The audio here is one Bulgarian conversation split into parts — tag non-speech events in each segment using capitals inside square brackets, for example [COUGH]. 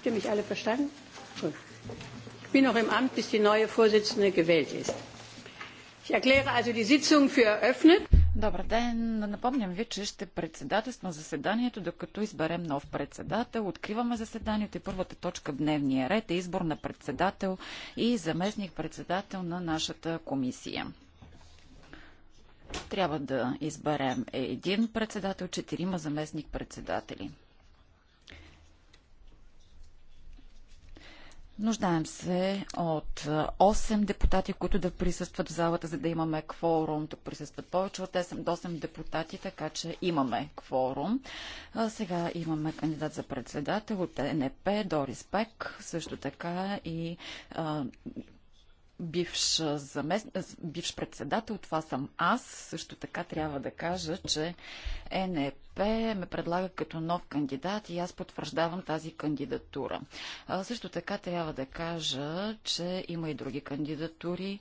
Habt ihr mich alle verstanden? Gut. Ich bin noch im Amt, bis die neue Vorsitzende gewählt ist. Ich erkläre also die Sitzung für eröffnet. Добър ден! Напомням ви, че ще председателствам заседанието, докато изберем нов председател. Откриваме заседанието и първата точка в дневния ред е избор на председател и заместник-председател на нашата комисия. Трябва да изберем един председател, четирима заместник-председатели. Нуждаем се от 8 е, депутати, които да присъстват в залата, за да имаме кворум. Тук присъстват повече от 8 8 депутати, така че имаме кворум. А сега имаме кандидат за председател от НП, Дорис Пек, също така и а, бивш, замест... бивш председател, това съм аз. Също така трябва да кажа, че ЕНЕП ме предлага като нов кандидат и аз потвърждавам тази кандидатура. също така трябва да кажа, че има и други кандидатури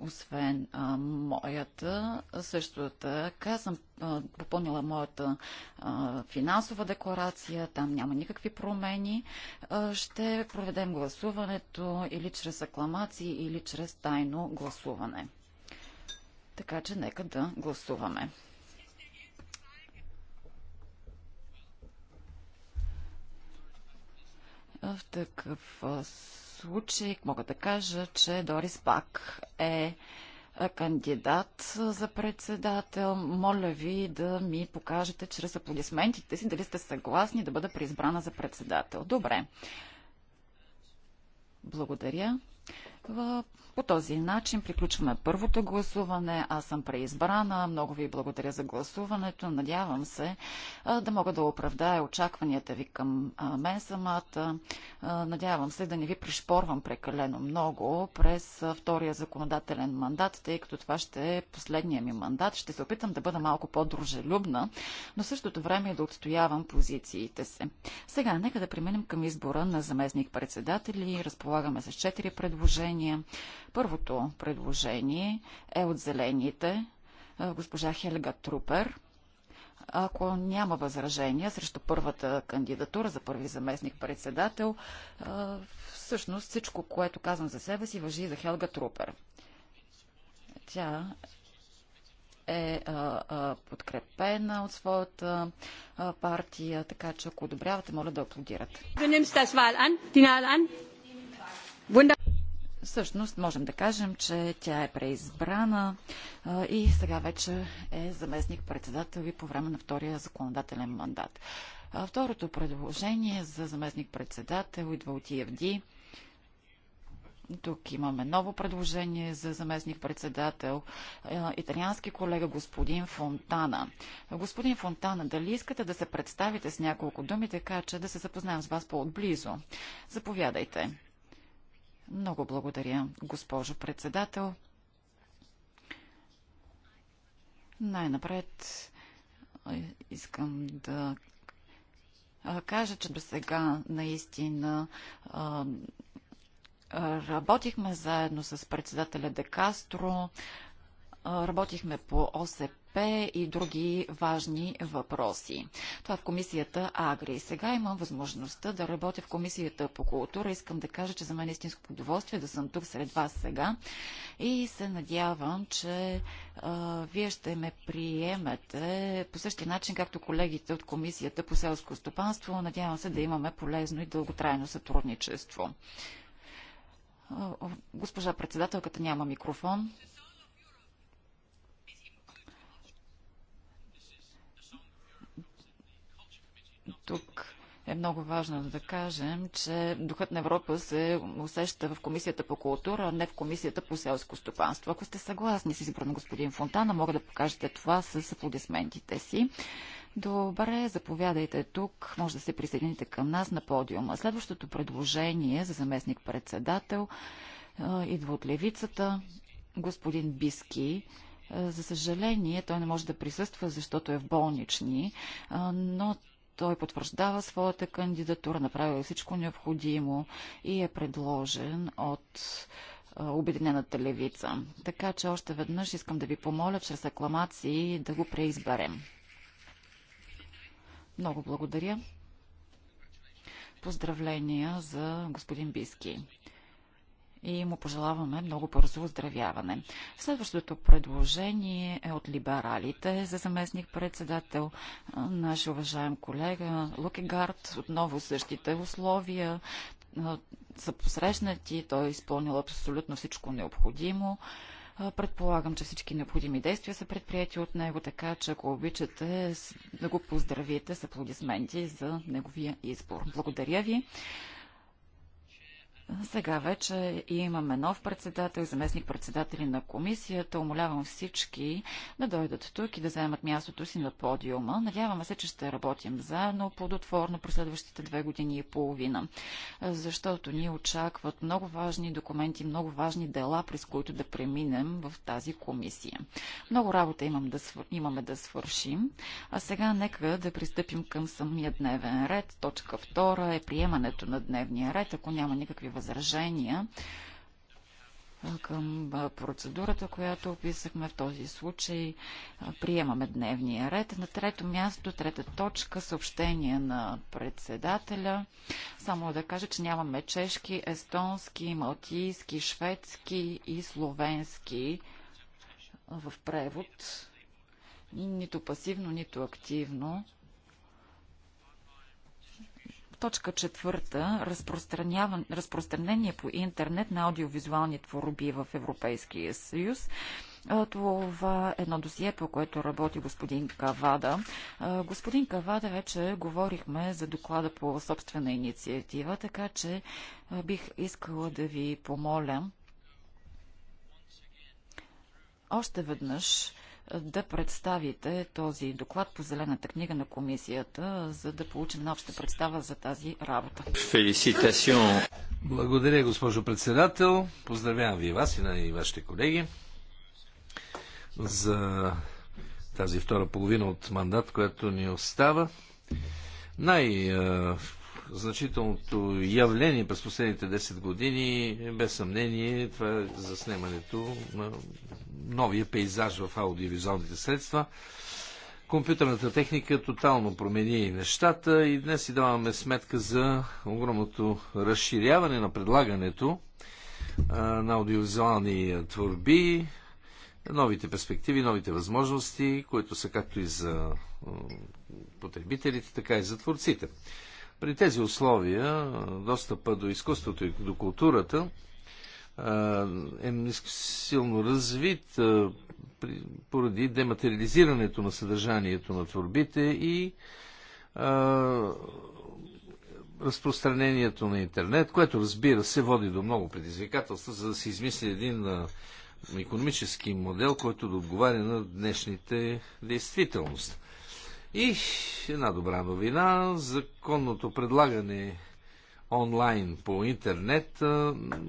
освен а, моята. Също така съм а, попълнила моята а, финансова декларация, там няма никакви промени. А, ще проведем гласуването или чрез акламации, или чрез тайно гласуване. Така че нека да гласуваме. В такъв случай мога да кажа, че Дорис Пак е, е кандидат за председател. Моля ви да ми покажете чрез аплодисментите си дали сте съгласни да бъда преизбрана за председател. Добре. Благодаря. Е, по този начин приключваме първото гласуване. Аз съм преизбрана. Много ви благодаря за гласуването. Надявам се е, да мога да оправдая очакванията ви към е, мен самата. Надявам се да не ви пришпорвам прекалено много през втория законодателен мандат, тъй като това ще е последния ми мандат. Ще се опитам да бъда малко по-дружелюбна, но в същото време и да отстоявам позициите се. Сега, нека да преминем към избора на заместник председатели. Разполагаме с четири предложения предложения. Първото предложение е от зелените, госпожа Хелга Трупер. Ако няма възражения срещу първата кандидатура за първи заместник председател, всъщност всичко, което казвам за себе си, въжи за Хелга Трупер. Тя е а, а, подкрепена от своята а, партия, така че ако одобрявате, моля да аплодирате. Всъщност можем да кажем, че тя е преизбрана и сега вече е заместник-председател и по време на втория законодателен мандат. второто предложение за заместник-председател идва от ИФД. Тук имаме ново предложение за заместник-председател, италиански колега господин Фонтана. Господин Фонтана, дали искате да се представите с няколко думи, така че да се запознаем с вас по-отблизо? Заповядайте. Много благодаря, госпожо председател. Най-напред искам да кажа, че до сега наистина работихме заедно с председателя Декастро, работихме по ОСП ОСП и други важни въпроси. Това е в комисията Агри. Сега имам възможността да работя в комисията по култура. Искам да кажа, че за мен е истинско удоволствие да съм тук сред вас сега и се надявам, че а, вие ще ме приемете по същия начин, както колегите от комисията по селско стопанство. Надявам се да имаме полезно и дълготрайно сътрудничество. Госпожа председателката няма микрофон. Тук е много важно да кажем, че духът на Европа се усеща в Комисията по култура, а не в Комисията по селско стопанство. Ако сте съгласни с избора на господин Фонтана, мога да покажете това с аплодисментите си. Добре, заповядайте тук. Може да се присъедините към нас на подиума. Следващото предложение за заместник-председател идва от левицата. Господин Биски за съжаление, той не може да присъства, защото е в болнични, но той потвърждава своята кандидатура, направил е всичко необходимо и е предложен от Обединената левица. Така че още веднъж искам да ви помоля чрез акламации да го преизберем. Много благодаря. Поздравления за господин Биски и му пожелаваме много бързо оздравяване. Следващото предложение е от либералите за заместник председател. Наш уважаем колега Лукегард, отново същите условия са посрещнати, той е изпълнил абсолютно всичко необходимо. Предполагам, че всички необходими действия са предприяти от него, така че ако обичате да го поздравите с аплодисменти за неговия избор. Благодаря ви. Сега вече имаме нов председател, заместник председатели на комисията. Умолявам всички да дойдат тук и да вземат мястото си на подиума. Надяваме се, че ще работим заедно плодотворно през следващите две години и половина, защото ни очакват много важни документи, много важни дела, през които да преминем в тази комисия. Много работа имам да свър... имаме да свършим, а сега нека да пристъпим към самия дневен ред. Точка втора е приемането на дневния ред. Ако няма никакви възможности, възражения към процедурата, която описахме в този случай. Приемаме дневния ред. На трето място, трета точка, съобщение на председателя. Само да кажа, че нямаме чешки, естонски, малтийски, шведски и словенски в превод. Нито пасивно, нито активно. Точка четвърта разпространение по интернет на аудиовизуални твороби в Европейския съюз. Това е едно досие, по което работи господин Кавада. Господин Кавада, вече говорихме за доклада по собствена инициатива, така че бих искала да ви помоля още веднъж да представите този доклад по Зелената книга на комисията, за да получим обща представа за тази работа. Фелиситасион! Благодаря, госпожо председател. Поздравявам ви и вас и на и вашите колеги за тази втора половина от мандат, която ни остава. Най- значителното явление през последните 10 години, без съмнение, това е заснемането на новия пейзаж в аудиовизуалните средства. Компютърната техника тотално промени нещата и днес си даваме сметка за огромното разширяване на предлагането на аудиовизуални творби, новите перспективи, новите възможности, които са както и за потребителите, така и за творците. При тези условия достъпа до изкуството и до културата е силно развит поради дематериализирането на съдържанието на творбите и разпространението на интернет, което разбира се води до много предизвикателства, за да се измисли един економически модел, който да отговаря на днешните действителности. И една добра новина, законното предлагане онлайн по интернет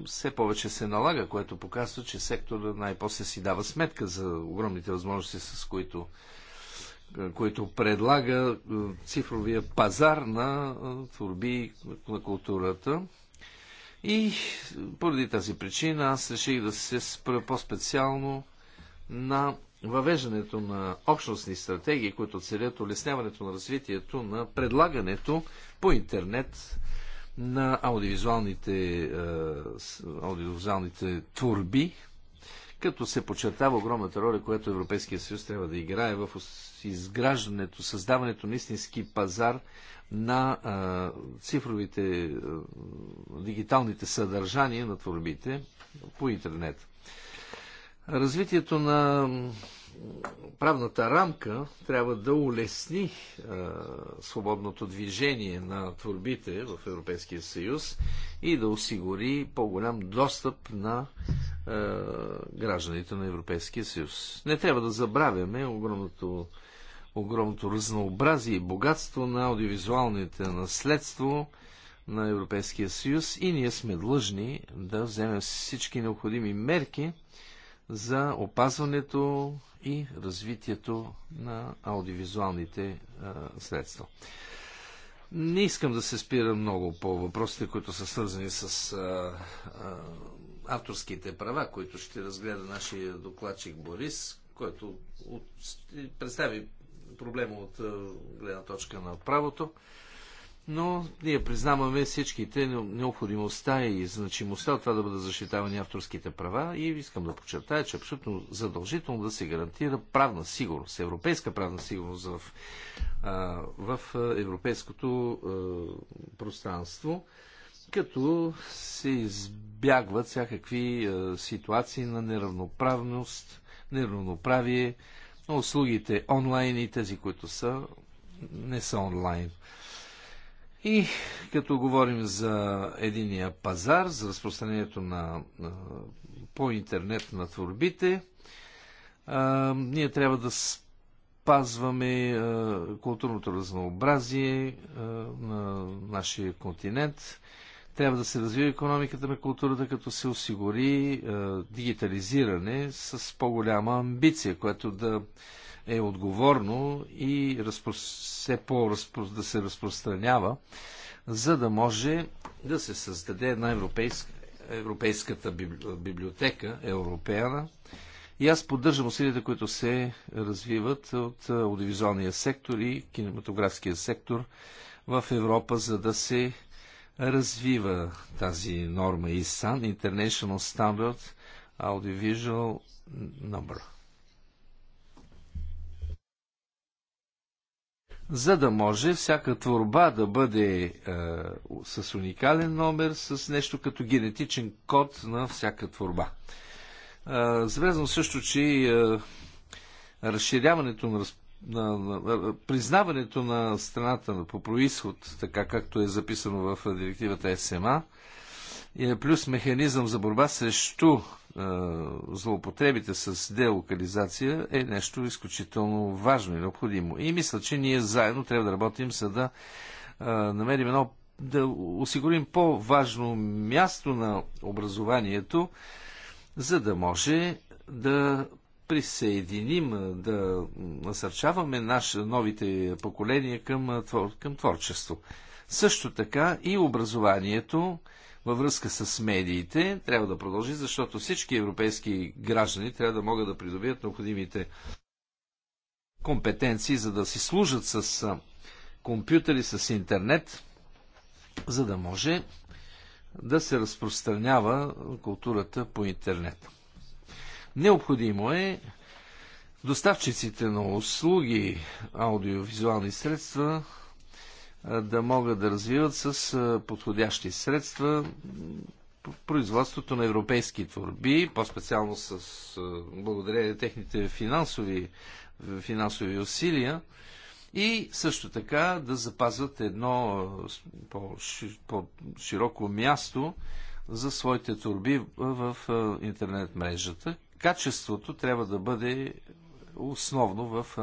все повече се налага, което показва, че сектора най-после си дава сметка за огромните възможности, с които, които предлага цифровия пазар на творби на културата. И поради тази причина аз реших да се спра по-специално на въвеждането на общностни стратегии, които целят улесняването на развитието на предлагането по интернет на аудиовизуалните, е, аудиовизуалните турби, като се подчертава огромната роля, която Европейския съюз трябва да играе в изграждането, създаването на истински пазар на а, е, цифровите, а, е, дигиталните съдържания на творбите по интернет. Развитието на правната рамка трябва да улесни а, свободното движение на творбите в Европейския съюз и да осигури по-голям достъп на а, гражданите на Европейския съюз. Не трябва да забравяме огромното, огромното разнообразие и богатство на аудиовизуалните наследство на Европейския съюз и ние сме длъжни да вземем всички необходими мерки, за опазването и развитието на аудиовизуалните а, средства. Не искам да се спира много по въпросите, които са свързани с а, а, авторските права, които ще разгледа нашия докладчик Борис, който от, представи проблема от гледна точка на правото но ние признаваме всичките необходимостта и значимостта от това да бъдат защитавани авторските права и искам да подчертая, че е абсолютно задължително да се гарантира правна сигурност, европейска правна сигурност в, в европейското пространство, като се избягват всякакви ситуации на неравноправност, неравноправие, услугите онлайн и тези, които са не са онлайн. И като говорим за единия пазар, за разпространението на, на по интернет на творбите, а, ние трябва да спазваме а, културното разнообразие а, на нашия континент. Трябва да се развива економиката на културата, като се осигури а, дигитализиране с по-голяма амбиция, което да а, е отговорно и разпро... все по -разпро... да се разпространява, за да може да се създаде една европейска, европейската библиотека, европеяна. И аз поддържам усилията, които се развиват от аудиовизуалния сектор и кинематографския сектор в Европа, за да се развива тази норма ISAN, International Standard Audiovisual Number. за да може всяка творба да бъде е, с уникален номер, с нещо като генетичен код на всяка творба. Е, забелязвам също, че е, разширяването на, на, на признаването на страната по происход, така както е записано в директивата СМА, е плюс механизъм за борба срещу злоупотребите с делокализация е нещо изключително важно и необходимо. И мисля, че ние заедно трябва да работим, за да намерим едно, да осигурим по-важно място на образованието, за да може да присъединим, да насърчаваме наши новите поколения към, към творчество. Също така и образованието във връзка с медиите трябва да продължи, защото всички европейски граждани трябва да могат да придобият необходимите компетенции, за да си служат с компютъри, с интернет, за да може да се разпространява културата по интернет. Необходимо е доставчиците на услуги, аудиовизуални средства да могат да развиват с подходящи средства производството на европейски творби, по-специално с благодарение на техните финансови, финансови усилия и също така да запазват едно по-широко място за своите турби в интернет мрежата. Качеството трябва да бъде основно в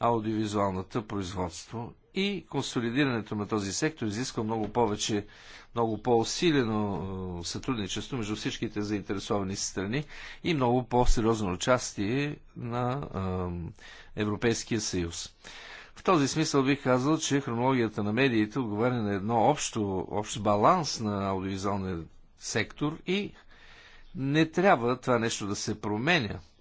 аудиовизуалната производство и консолидирането на този сектор изисква много повече, много по-усилено е, сътрудничество между всичките заинтересовани страни и много по-сериозно участие на е, Европейския съюз. В този смисъл бих казал, че хронологията на медиите отговаря на едно общо, общ баланс на аудиовизуалния сектор и не трябва това нещо да се променя –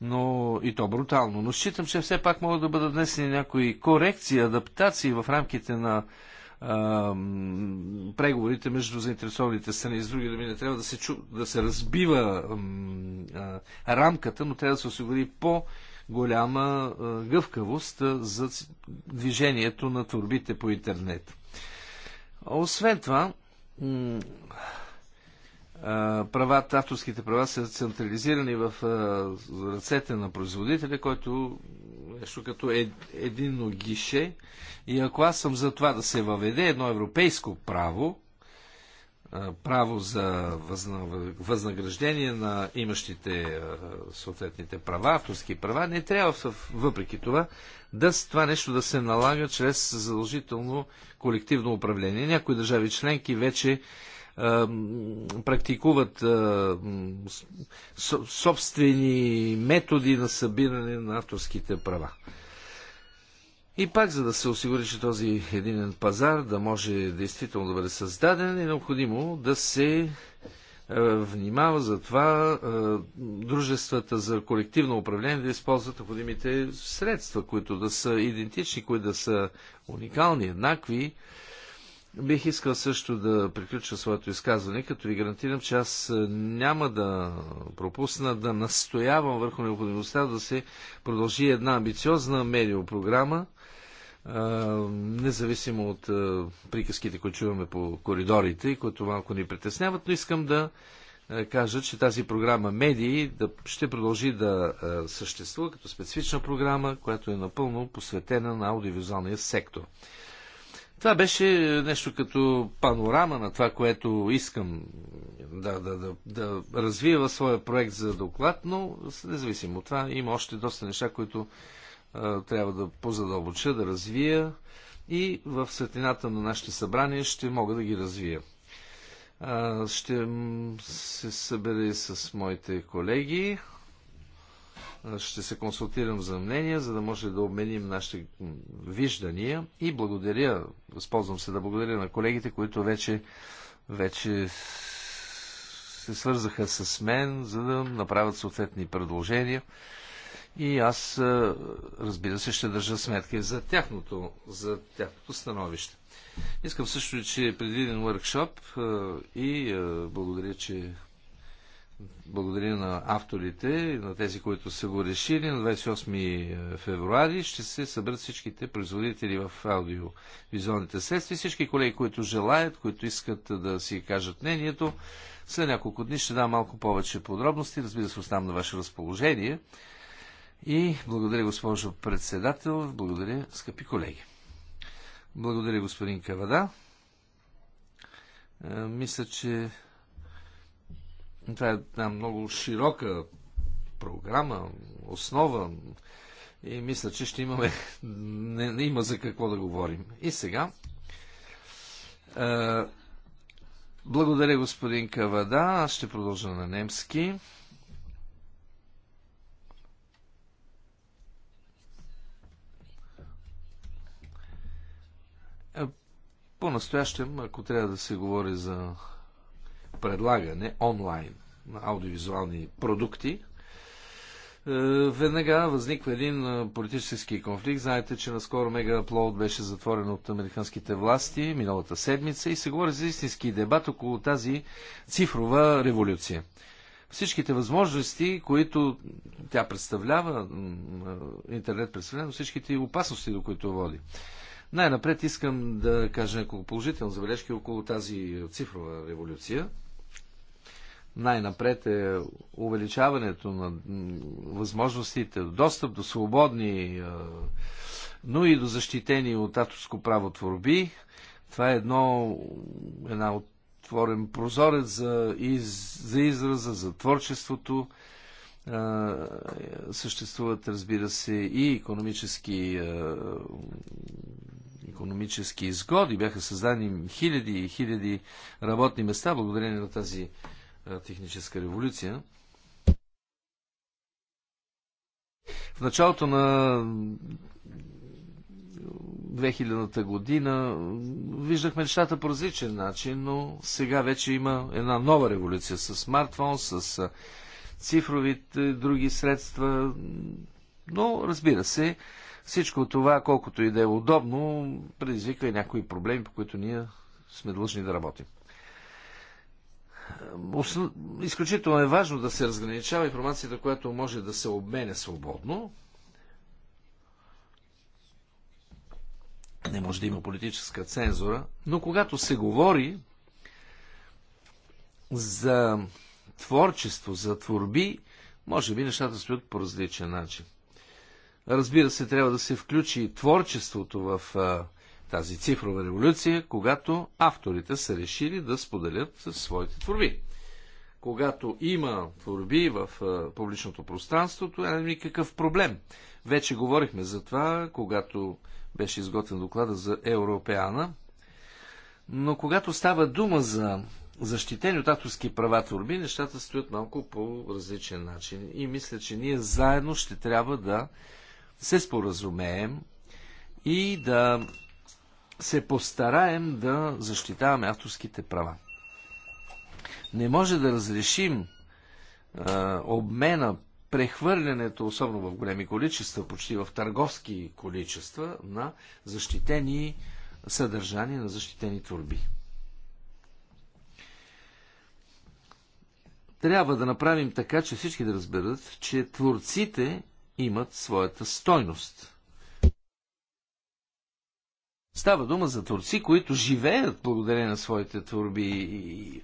но и то брутално. Но считам, че все пак могат да бъдат внесени някои корекции, адаптации в рамките на а, преговорите между заинтересованите страни. С други думи, не трябва да се, чу, да се разбива а, рамката, но трябва да се осигури по голяма гъвкавост за движението на турбите по интернет. Освен това, правата, авторските права са централизирани в ръцете на производителя, който нещо като е, единно гише. И ако аз съм за това да се въведе едно европейско право, право за възнаграждение на имащите съответните права, авторски права, не трябва въпреки това да това нещо да се налага чрез задължително колективно управление. Някои държави членки вече практикуват собствени методи на събиране на авторските права. И пак, за да се осигури, че този единен пазар да може действително да бъде създаден, е необходимо да се внимава за това дружествата за колективно управление да използват необходимите средства, които да са идентични, които да са уникални, еднакви Бих искал също да приключа своето изказване, като ви гарантирам, че аз е, няма да пропусна да настоявам върху необходимостта да се продължи една амбициозна медиопрограма, е, независимо от е, приказките, които чуваме по коридорите и които малко ни притесняват, но искам да кажа, че тази програма Медии ще продължи да съществува като специфична програма, която е напълно посветена на аудиовизуалния сектор. Това беше нещо като панорама на това, което искам да, да, да, да развия в своя проект за доклад, но независимо от това има още доста неща, които а, трябва да позадълбоча, да развия и в светлината на нашите събрания ще мога да ги развия. А, ще се събере с моите колеги. Е, ще се консултирам за мнение, за да може да обменим нашите виждания и благодаря, възползвам се да благодаря на колегите, които вече, вече се свързаха с мен, за да направят съответни предложения. И аз, е, разбира се, ще държа сметка за тяхното, за тяхното становище. Искам също, че е предвиден въркшоп е, и благодаря, че благодаря на авторите, на тези, които са го решили. На 28 е, февруари ще се съберат всичките производители в аудиовизуалните средства и всички колеги, които желаят, които искат да си кажат мнението. След няколко дни ще дам малко повече подробности. Разбира се, оставам на ваше разположение. И благодаря, госпожо председател. Благодаря, скъпи колеги. Благодаря, господин Кавада. Е, мисля, че това е една много широка програма, основа и мисля, че ще имаме... [LAUGHS] Не, не има за какво да говорим. И сега... Е, благодаря, господин Кавада. Аз ще продължа на немски. Е, по-настоящем, ако трябва да се говори за предлагане онлайн на аудиовизуални продукти, е, веднага възниква един е, политически конфликт. Знаете, че наскоро Мега Upload беше затворен от американските власти миналата седмица и се говори за истински дебат около тази цифрова революция. Всичките възможности, които тя представлява, е, интернет представлява, всичките опасности, до които води. Най-напред искам да кажа няколко положителни забележки около тази цифрова революция – най-напред е увеличаването на възможностите, достъп до свободни, е, но и до защитени от авторско право творби. Това е едно, една отворен прозорец за, из, за израза, за творчеството. Е, съществуват, разбира се, и економически, економически изгоди. Бяха създани хиляди и хиляди работни места благодарение на тази техническа революция. В началото на 2000-та година виждахме нещата по различен начин, но сега вече има една нова революция с смартфон, с цифровите други средства. Но, разбира се, всичко това, колкото и да е удобно, предизвиква и някои проблеми, по които ние сме длъжни да работим. Изключително е важно да се разграничава информацията, която може да се обменя свободно. Не може да има политическа цензура, но когато се говори за творчество, за творби, може би нещата стоят по различен начин. Разбира се, трябва да се включи творчеството в тази цифрова революция, когато авторите са решили да споделят своите творби. Когато има творби в публичното пространство, това е никакъв проблем. Вече говорихме за това, когато беше изготвен доклада за Европеана. Но когато става дума за защитени от авторски права творби, нещата стоят малко по различен начин. И мисля, че ние заедно ще трябва да се споразумеем и да се постараем да защитаваме авторските права. Не може да разрешим а, обмена, прехвърлянето, особено в големи количества, почти в търговски количества, на защитени съдържания, на защитени творби. Трябва да направим така, че всички да разберат, че творците имат своята стойност – Става дума за творци, които живеят благодарение на своите творби. И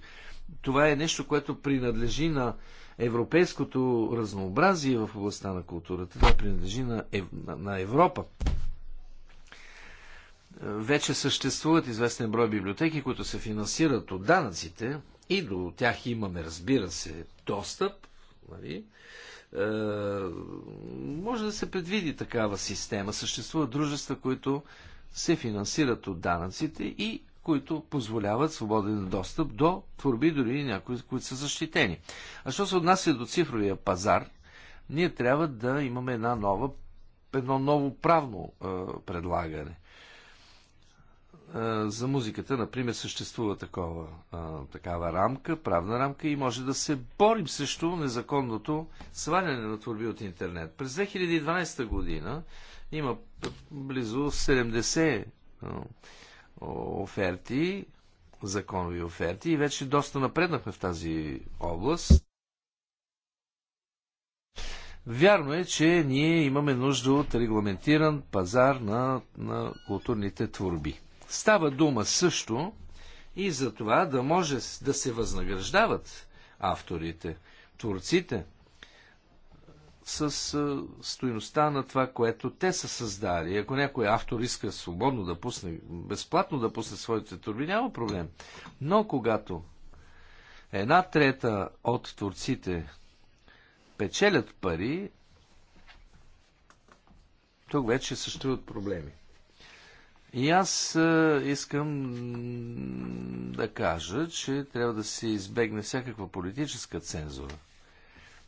това е нещо, което принадлежи на европейското разнообразие в областта на културата. Това принадлежи на, Ев... на Европа. Вече съществуват известен брой библиотеки, които се финансират от данъците и до тях имаме, разбира се, достъп. Нали? Е, може да се предвиди такава система. Съществуват дружества, които се финансират от данъците и които позволяват свободен достъп до творби, дори и някои, които са защитени. А що се отнася до цифровия пазар, ние трябва да имаме една нова, едно ново правно е, предлагане за музиката, например, съществува такова, такава рамка, правна рамка и може да се борим срещу незаконното сваляне на творби от интернет. През 2012 година има близо 70 оферти, законови оферти и вече доста напреднахме в тази област. Вярно е, че ние имаме нужда от регламентиран пазар на, на културните творби. Става дума също и за това да може да се възнаграждават авторите, творците, с стоиността на това, което те са създали. Ако някой автор иска свободно да пусне, безплатно да пусне своите турби, няма проблем. Но когато една трета от творците печелят пари, тук вече съществуват проблеми. И аз е, искам да кажа, че трябва да се избегне всякаква политическа цензура.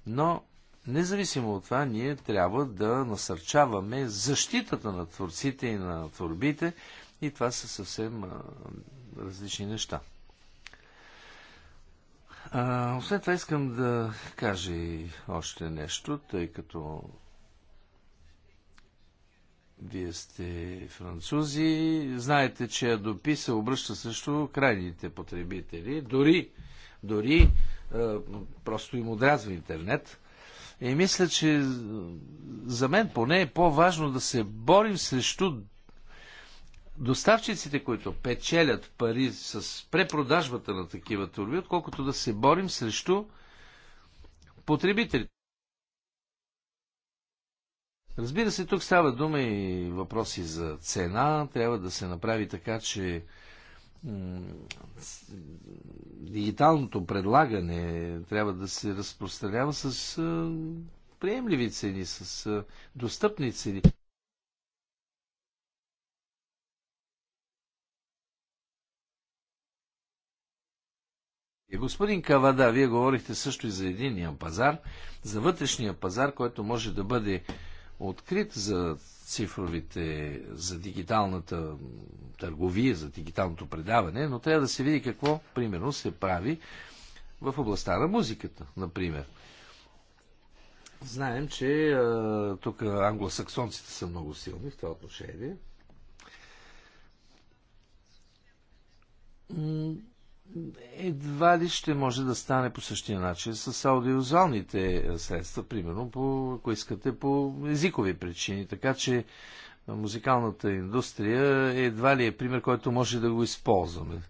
Но, независимо от това, ние трябва да насърчаваме защитата на творците и на творбите, и това са съвсем е, различни неща. А, освен това искам да кажа и още нещо, тъй като вие сте французи. Знаете, че Адопи се обръща също крайните потребители. Дори, дори е, просто им отрязва интернет. И мисля, че е, за мен поне е по-важно да се борим срещу доставчиците, които печелят пари с препродажбата на такива турби, отколкото да се борим срещу потребителите. Разбира се, тук става дума и въпроси за цена. Трябва да се направи така, че дигиталното предлагане трябва да се разпространява с приемливи цени, с достъпни цени. Господин Кавада, вие говорихте също и за единния пазар, за вътрешния пазар, който може да бъде открит за цифровите, за дигиталната търговия, за дигиталното предаване, но трябва да се види какво, примерно, се прави в областта на музиката, например. Знаем, че а, тук англосаксонците са много силни в това отношение едва ли ще може да стане по същия начин с аудиовизуалните средства, примерно, по, ако искате, по езикови причини. Така че музикалната индустрия едва ли е пример, който може да го използваме.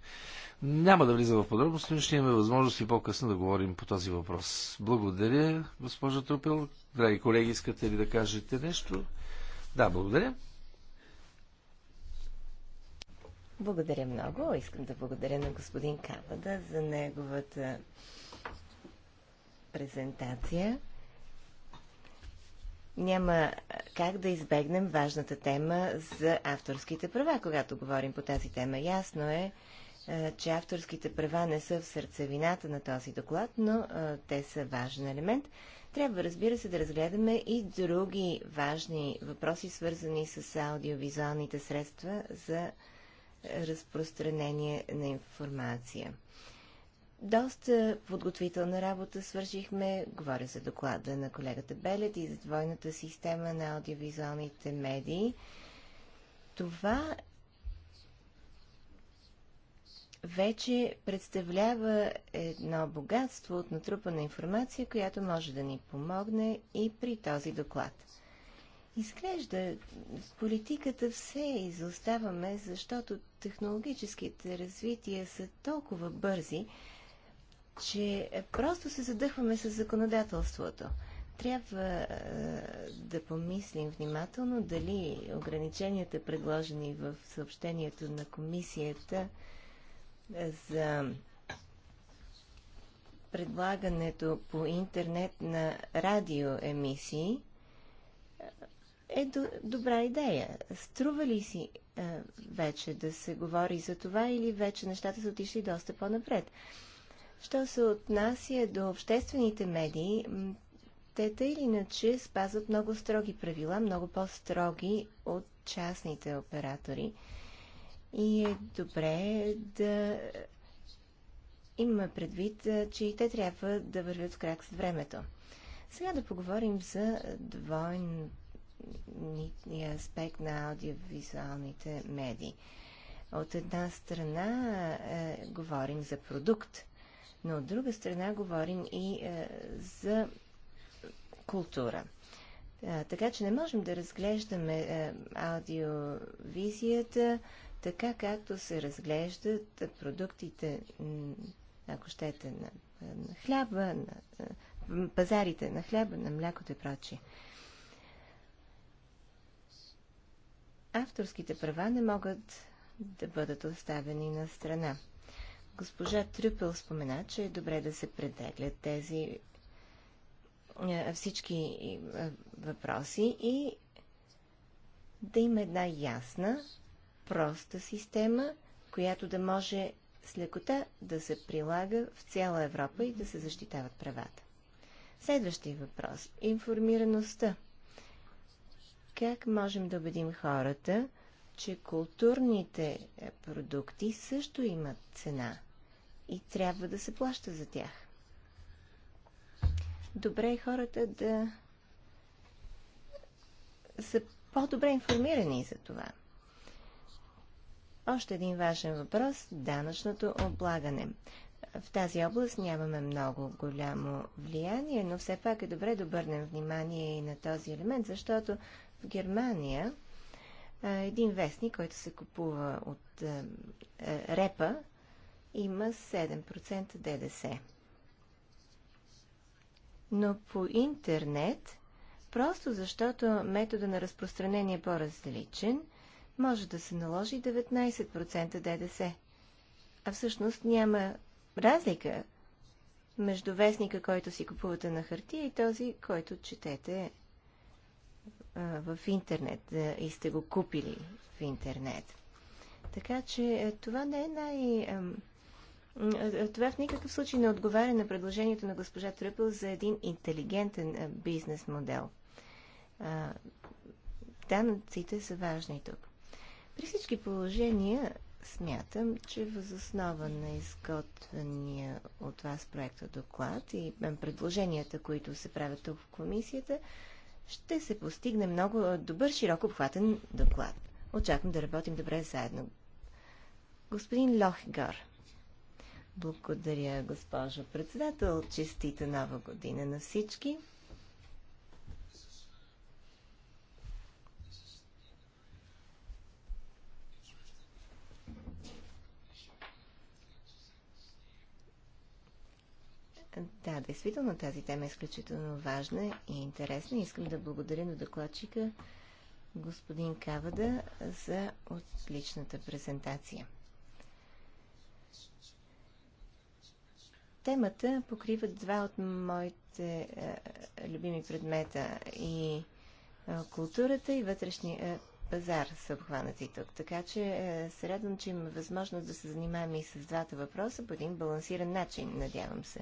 Няма да влиза в подробности, но ще имаме възможност и по-късно да говорим по този въпрос. Благодаря, госпожа Трупел. Драги колеги, искате ли да кажете нещо? Да, благодаря. Благодаря много. Искам да благодаря на господин Капада за неговата презентация. Няма как да избегнем важната тема за авторските права, когато говорим по тази тема. Ясно е, е че авторските права не са в сърцевината на този доклад, но е, те са важен елемент. Трябва, разбира се, да разгледаме и други важни въпроси, свързани с аудиовизуалните средства за разпространение на информация. Доста подготвителна работа свършихме. Говоря за доклада на колегата Белет и за двойната система на аудиовизуалните медии. Това вече представлява едно богатство от натрупана информация, която може да ни помогне и при този доклад. Изглежда с политиката все изоставаме, защото технологическите развития са толкова бързи, че просто се задъхваме с законодателството. Трябва е, да помислим внимателно дали ограниченията, предложени в съобщението на комисията за предлагането по интернет на радиоемисии, е до, добра идея. Струва ли си а, е, вече да се говори за това или вече нещата са отишли доста по-напред? Що се отнася до обществените медии, те тъй или иначе спазват много строги правила, много по-строги от частните оператори. И е добре да имаме предвид, че и те трябва да вървят в крак с времето. Сега да поговорим за двойно аспект на аудиовизуалните медии. От една страна е, говорим за продукт, но от друга страна говорим и е, за култура. Е, така че не можем да разглеждаме е, аудиовизията така, както се разглеждат продуктите, ако щете, на, на хляба, на, на е, пазарите на хляба, на млякото и прочие. авторските права не могат да бъдат оставени на страна. Госпожа Трюпел спомена, че е добре да се претеглят тези е, всички е, въпроси и да има една ясна, проста система, която да може с лекота да се прилага в цяла Европа и да се защитават правата. Следващия въпрос – информираността – как можем да убедим хората, че културните е, продукти също имат цена и трябва да се плаща за тях? Добре е хората да са по-добре информирани за това. Още един важен въпрос – данъчното облагане. В тази област нямаме много голямо влияние, но все пак е добре да обърнем внимание и на този елемент, защото в Германия един вестник, който се купува от репа, има 7% ДДС. Но по интернет, просто защото метода на разпространение е по-различен, може да се наложи 19% ДДС. А всъщност няма разлика между вестника, който си купувате на хартия и този, който четете в интернет и сте го купили в интернет. Така че това не е най... Това в никакъв случай не отговаря на предложението на госпожа Трюпел за един интелигентен бизнес модел. Данъците са важни тук. При всички положения смятам, че възоснова на изготвения от вас проекта доклад и предложенията, които се правят тук в комисията, ще се постигне много добър, широко обхватен доклад. Очаквам да работим добре заедно. Господин Лохгар. Благодаря, госпожо председател. Честита нова година на всички. Да, действително тази тема е изключително важна и интересна. Искам да благодаря на докладчика господин Кавада за отличната презентация. Темата покрива два от моите е, любими предмета и е, културата и вътрешния е, пазар са обхванати тук. Така че е, се радвам, че има възможност да се занимаваме и с двата въпроса по един балансиран начин, надявам се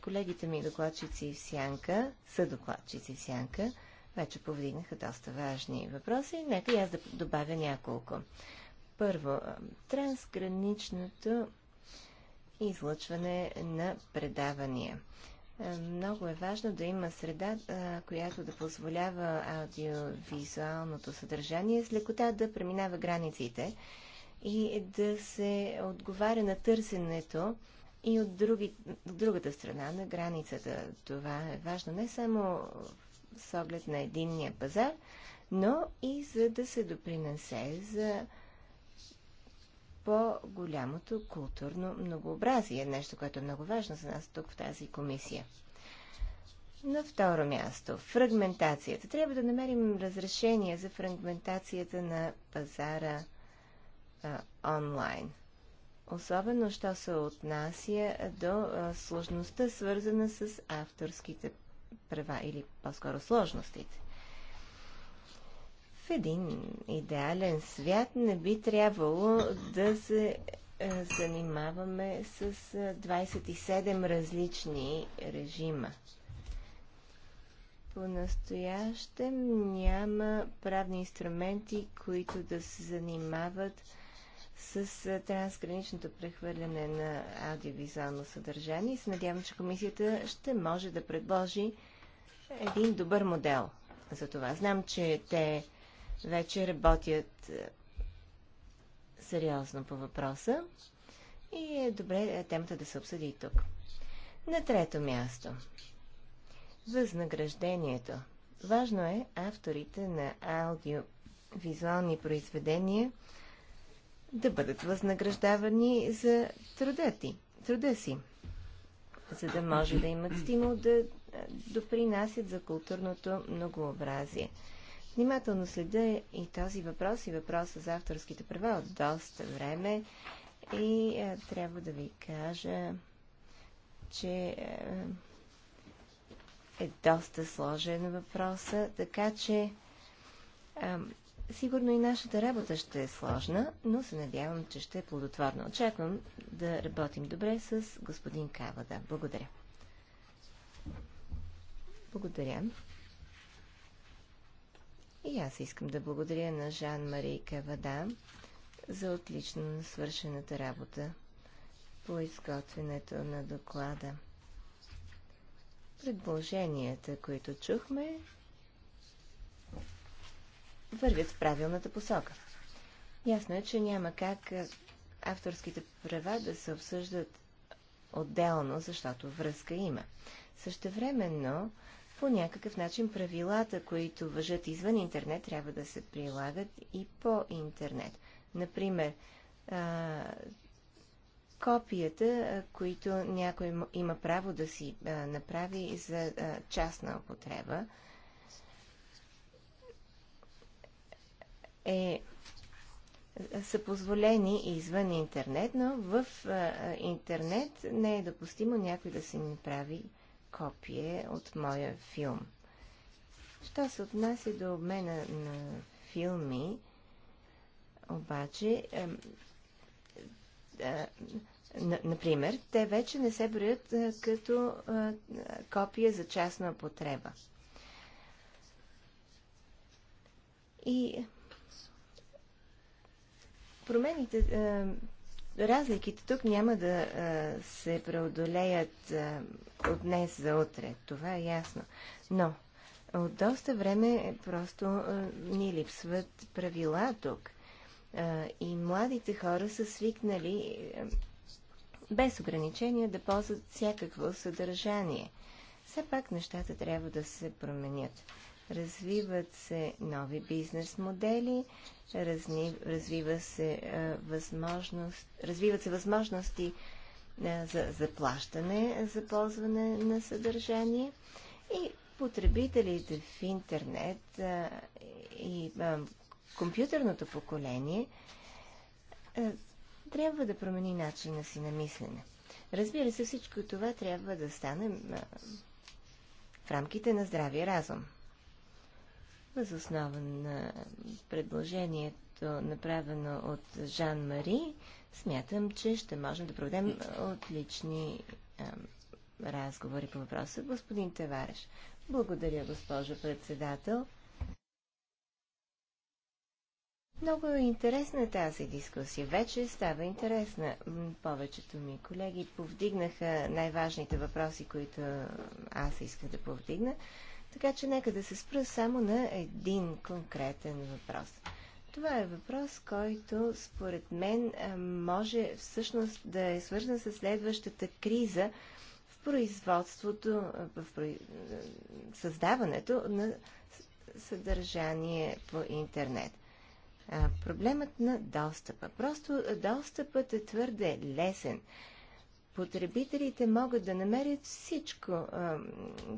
колегите ми докладчици в Сянка, са докладчици в Сянка, вече повдигнаха доста важни въпроси. Нека и аз да добавя няколко. Първо, трансграничното излъчване на предавания. Много е важно да има среда, която да позволява аудиовизуалното съдържание с лекота да преминава границите и да се отговаря на търсенето и от други, другата страна на границата. Това е важно не само с оглед на единния пазар, но и за да се допринесе за по-голямото културно многообразие. Нещо, което е много важно за нас тук в тази комисия. На второ място, фрагментацията. Трябва да намерим разрешение за фрагментацията на пазара а, онлайн – особено що се отнася до сложността, свързана с авторските права или по-скоро сложностите. В един идеален свят не би трябвало да се занимаваме с 27 различни режима. По-настоящем няма правни инструменти, които да се занимават с трансграничното прехвърляне на аудиовизуално съдържание и се надявам, че комисията ще може да предложи един добър модел за това. Знам, че те вече работят сериозно по въпроса и е добре темата да се обсъди и тук. На трето място. Възнаграждението. Важно е авторите на аудиовизуални произведения – да бъдат възнаграждавани за труда, ти, труда си, за да може да имат стимул да допринасят за културното многообразие. Внимателно следа и този въпрос и въпроса за авторските права от доста време и е, трябва да ви кажа, че е, е доста сложен въпроса, така че Сигурно и нашата работа ще е сложна, но се надявам, че ще е плодотворна. Очаквам да работим добре с господин Кавада. Благодаря. Благодаря. И аз искам да благодаря на Жан-Мари Кавада за отлично свършената работа по изготвянето на доклада. Предположенията, които чухме, вървят в правилната посока. Ясно е, че няма как е, авторските права да се обсъждат отделно, защото връзка има. Същевременно, по някакъв начин правилата, които въжат извън интернет, трябва да се прилагат и по интернет. Например, копията, които някой има право да си направи за частна употреба, е, са позволени извън интернет, но в а, интернет не е допустимо някой да си прави копие от моя филм. Що се отнася до обмена на филми, обаче, например, те вече не се броят като копия за частна употреба. И промените, е, разликите тук няма да е, се преодолеят е, от днес за утре. Това е ясно. Но от доста време просто ни липсват правила тук. И младите хора са свикнали без ограничения да ползват всякакво съдържание. Все пак нещата трябва да се променят развиват се нови бизнес модели, разни, развива се, а, възможност, развиват се възможности а, за заплащане, за ползване на съдържание и потребителите в интернет а, и а, компютърното поколение а, трябва да промени начина си на мислене. Разбира се, всичко това трябва да стане а, в рамките на здравия разум основа на предложението, направено от Жан Мари, смятам, че ще можем да проведем отлични а, разговори по въпроса. Господин Тевареш, благодаря, госпожо председател. Много е интересна тази дискусия. Вече става интересна. Повечето ми колеги повдигнаха най-важните въпроси, които аз исках да повдигна. Така че нека да се спра само на един конкретен въпрос. Това е въпрос, който според мен може всъщност да е свързан с следващата криза в производството, в създаването на съдържание по интернет. Проблемът на достъпа. Просто достъпът е твърде лесен потребителите могат да намерят всичко,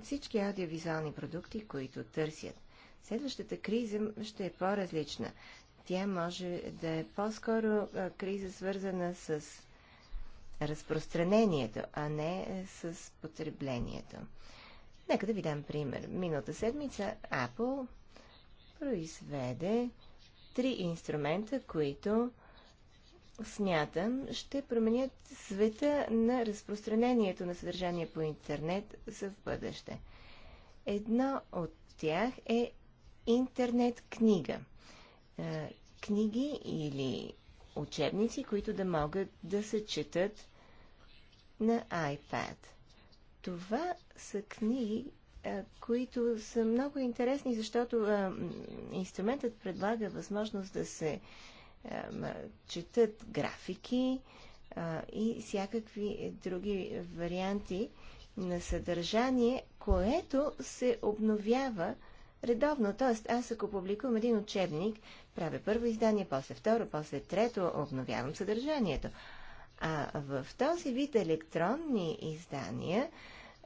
всички аудиовизуални продукти, които търсят. Следващата криза ще е по-различна. Тя може да е по-скоро криза свързана с разпространението, а не е, с потреблението. Нека да ви дам пример. Миналата седмица Apple произведе три инструмента, които смятам, ще променят света на разпространението на съдържание по интернет за в бъдеще. Едно от тях е интернет книга. Е, книги или учебници, които да могат да се четат на iPad. Това са книги, е, които са много интересни, защото е, инструментът предлага възможност да се четат графики и всякакви други варианти на съдържание, което се обновява редовно. Тоест, аз ако публикувам един учебник, правя първо издание, после второ, после трето, обновявам съдържанието. А в този вид електронни издания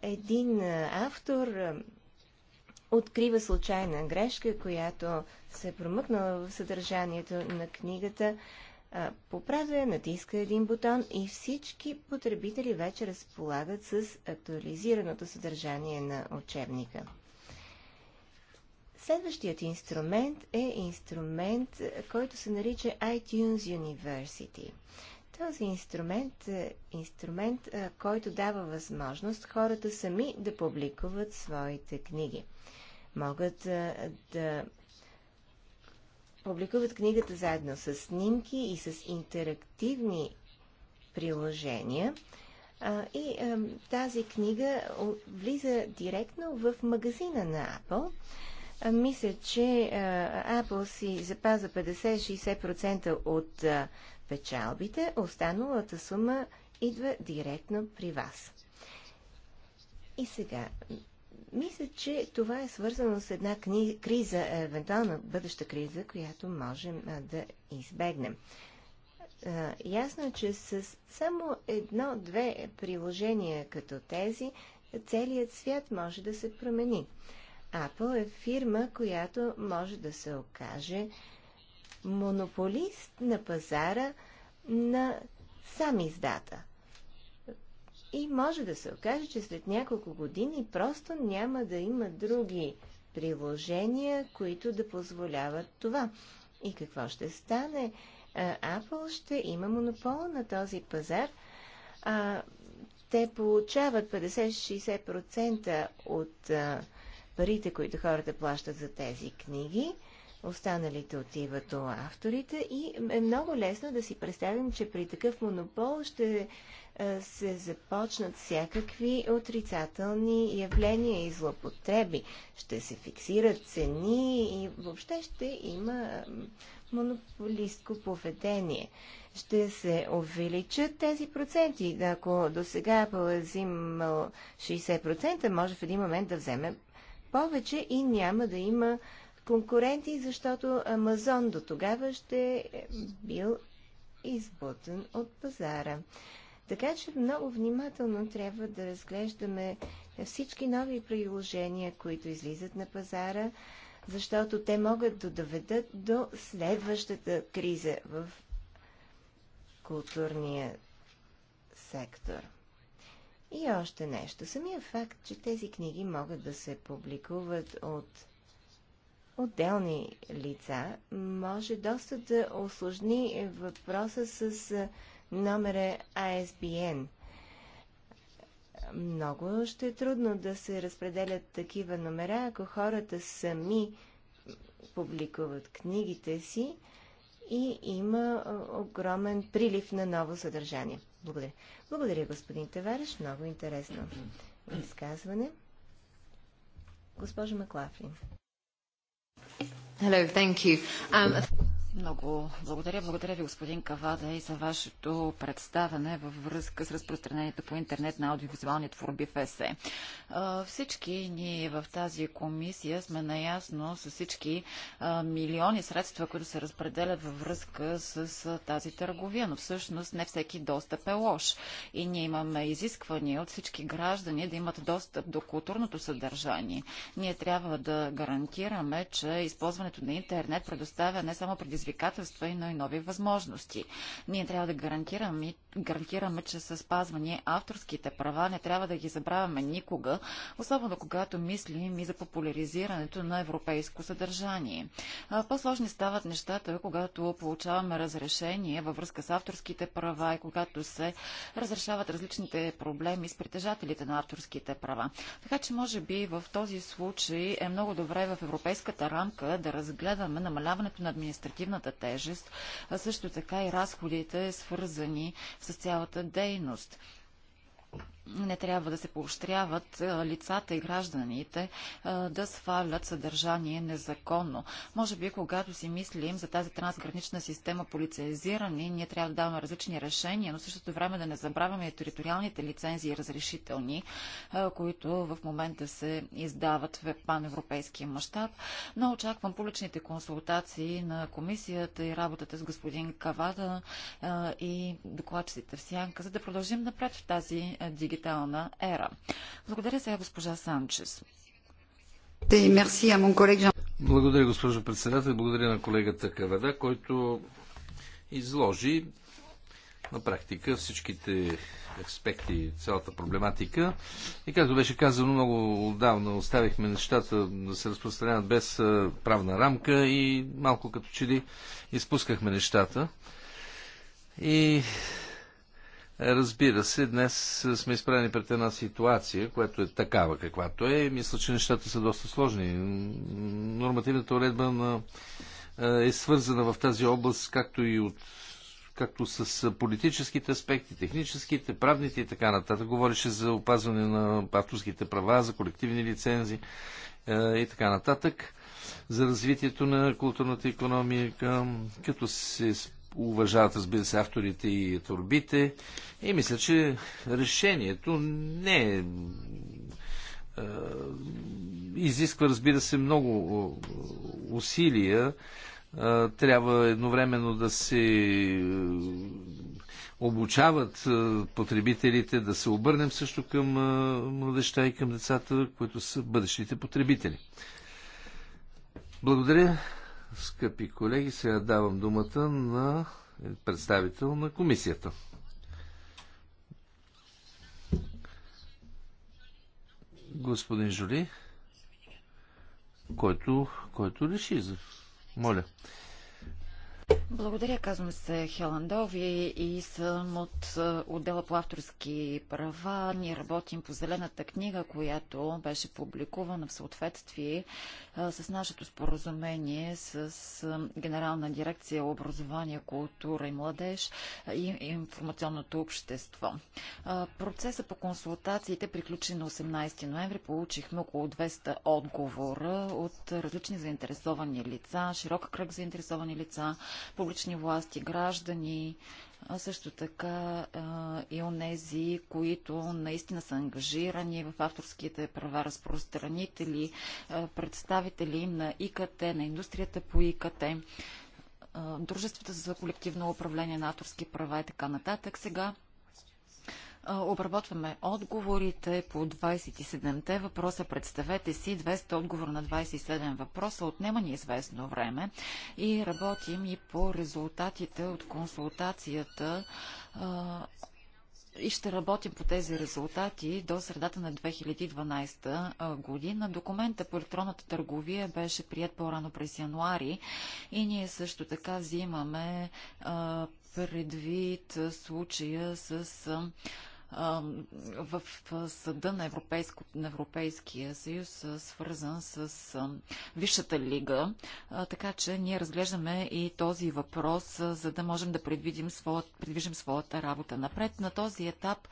един автор открива случайна грешка, която се е промъкнала в съдържанието на книгата, поправя, натиска един бутон и всички потребители вече разполагат с актуализираното съдържание на учебника. Следващият инструмент е инструмент, който се нарича iTunes University. Този инструмент е инструмент, е, който дава възможност хората сами да публикуват своите книги могат а, да публикуват книгата заедно с снимки и с интерактивни приложения. А, и а, тази книга влиза директно в магазина на Apple. А, мисля, че а, Apple си запазва 50-60% от а, печалбите, останалата сума идва директно при вас. И сега, мисля, че това е свързано с една кни... криза, евентуална бъдеща криза, която можем а, да избегнем. А, ясно е, че с само едно-две приложения като тези, целият свят може да се промени. Apple е фирма, която може да се окаже монополист на пазара на сам издата. И може да се окаже, че след няколко години просто няма да има други приложения, които да позволяват това. И какво ще стане? Apple ще има монопол на този пазар. те получават 50-60% от парите, които хората плащат за тези книги останалите отиват до авторите и е много лесно да си представим, че при такъв монопол ще е, се започнат всякакви отрицателни явления и злопотреби. Ще се фиксират цени и въобще ще има монополистко поведение. Ще се увеличат тези проценти. Ако до сега е взимал 60%, може в един момент да вземе повече и няма да има конкуренти, защото Амазон до тогава ще е бил избутен от пазара. Така че много внимателно трябва да разглеждаме всички нови приложения, които излизат на пазара, защото те могат да доведат до следващата криза в културния сектор. И още нещо. Самия факт, че тези книги могат да се публикуват от отделни лица може доста да осложни въпроса с номера ISBN. Много ще е трудно да се разпределят такива номера, ако хората сами публикуват книгите си и има огромен прилив на ново съдържание. Благодаря. Благодаря, господин Товариш. Много интересно изказване. Госпожа Маклафлин. Hello, thank you. Um... Много благодаря. Благодаря ви, господин Кавада, и за вашето представяне във връзка с разпространението по интернет на аудиовизуални творби в ЕСЕ. Всички ние в тази комисия сме наясно с всички милиони средства, които се разпределят във връзка с тази търговия, но всъщност не всеки достъп е лош. И ние имаме изисквания от всички граждани да имат достъп до културното съдържание. Ние трябва да гарантираме, че използването на интернет предоставя не само предизвикателство, предизвикателства и нови възможности. Ние трябва да гарантираме гарантираме, че са спазвани авторските права. Не трябва да ги забравяме никога, особено когато мислим и за популяризирането на европейско съдържание. По-сложни стават нещата, когато получаваме разрешение във връзка с авторските права и когато се разрешават различните проблеми с притежателите на авторските права. Така че, може би, в този случай е много добре в европейската рамка да разгледаме намаляването на административната тежест, а също така и разходите, свързани с с цялата дейност не трябва да се поощряват лицата и гражданите да свалят съдържание незаконно. Може би, когато си мислим за тази трансгранична система полицеизирани, ние трябва да даваме различни решения, но същото време да не забравяме и териториалните лицензии разрешителни, които в момента се издават в паневропейския мащаб. Но очаквам публичните консултации на комисията и работата с господин Кавада и докладчиците в Сянка, за да продължим напред в тази дигитализация дигитална ера. Благодаря сега госпожа Санчес. Е, Благодаря, госпожо председател. Благодаря на колегата Каведа, който изложи на практика всичките аспекти, цялата проблематика. И както беше казано, много отдавна оставихме нещата да се разпространяват без правна рамка и малко като че ли изпускахме нещата. И Разбира се, днес сме изправени пред една ситуация, която е такава каквато е. Мисля, че нещата са доста сложни. Нормативната уредба на, е, е свързана в тази област, както и от както с политическите аспекти, техническите, правните и така нататък. Говореше за опазване на авторските права, за колективни лицензи е, и така нататък за развитието на културната економия, като се уважават, разбира се, авторите и турбите. И мисля, че решението не е, е изисква, разбира се, много е, усилия. Е, трябва едновременно да се обучават потребителите, да се обърнем също към младеща и към децата, които са бъдещите потребители. Благодаря. Скъпи колеги, сега давам думата на представител на комисията. Господин Жули, който, който реши за... Моля. Благодаря, казвам се Хеландови и съм от е, отдела по авторски права. Ние работим по зелената книга, която беше публикувана в съответствие е, с нашето споразумение с е, Генерална дирекция образование, култура и младеж и информационното общество. процеса по консултациите приключи на 18 ноември. Получихме около 200 отговора от различни заинтересовани лица, широк кръг заинтересовани лица, публични власти, граждани, а също така а, и онези, които наистина са ангажирани в авторските права, разпространители, а, представители на ИКТ, на индустрията по ИКТ дружествата за колективно управление на авторски права и така нататък. Сега обработваме отговорите по 27-те въпроса. Представете си 200 отговор на 27 въпроса. Отнема ни известно време и работим и по резултатите от консултацията и ще работим по тези резултати до средата на 2012 година. Документа по електронната търговия беше прият по-рано през януари и ние също така взимаме предвид случая с в съда на, Европейско, на Европейския съюз, свързан с Висшата лига. Така че ние разглеждаме и този въпрос, за да можем да предвидим своят, предвижим своята работа напред. На този етап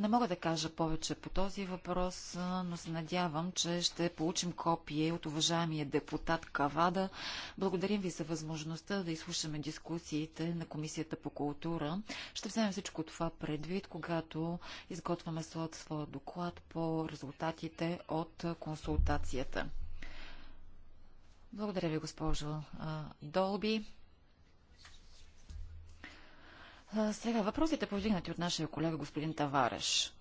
не мога да кажа повече по този въпрос, но се надявам, че ще получим копие от уважаемия депутат Кавада. Благодарим ви за възможността да изслушаме дискусиите на Комисията по култура. Ще вземем всичко това предвид, когато изготвяме своят, своя доклад по резултатите от консултацията. Благодаря ви, госпожо Долби. Сега, въпросите повдигнати от нашия колега господин Тавареш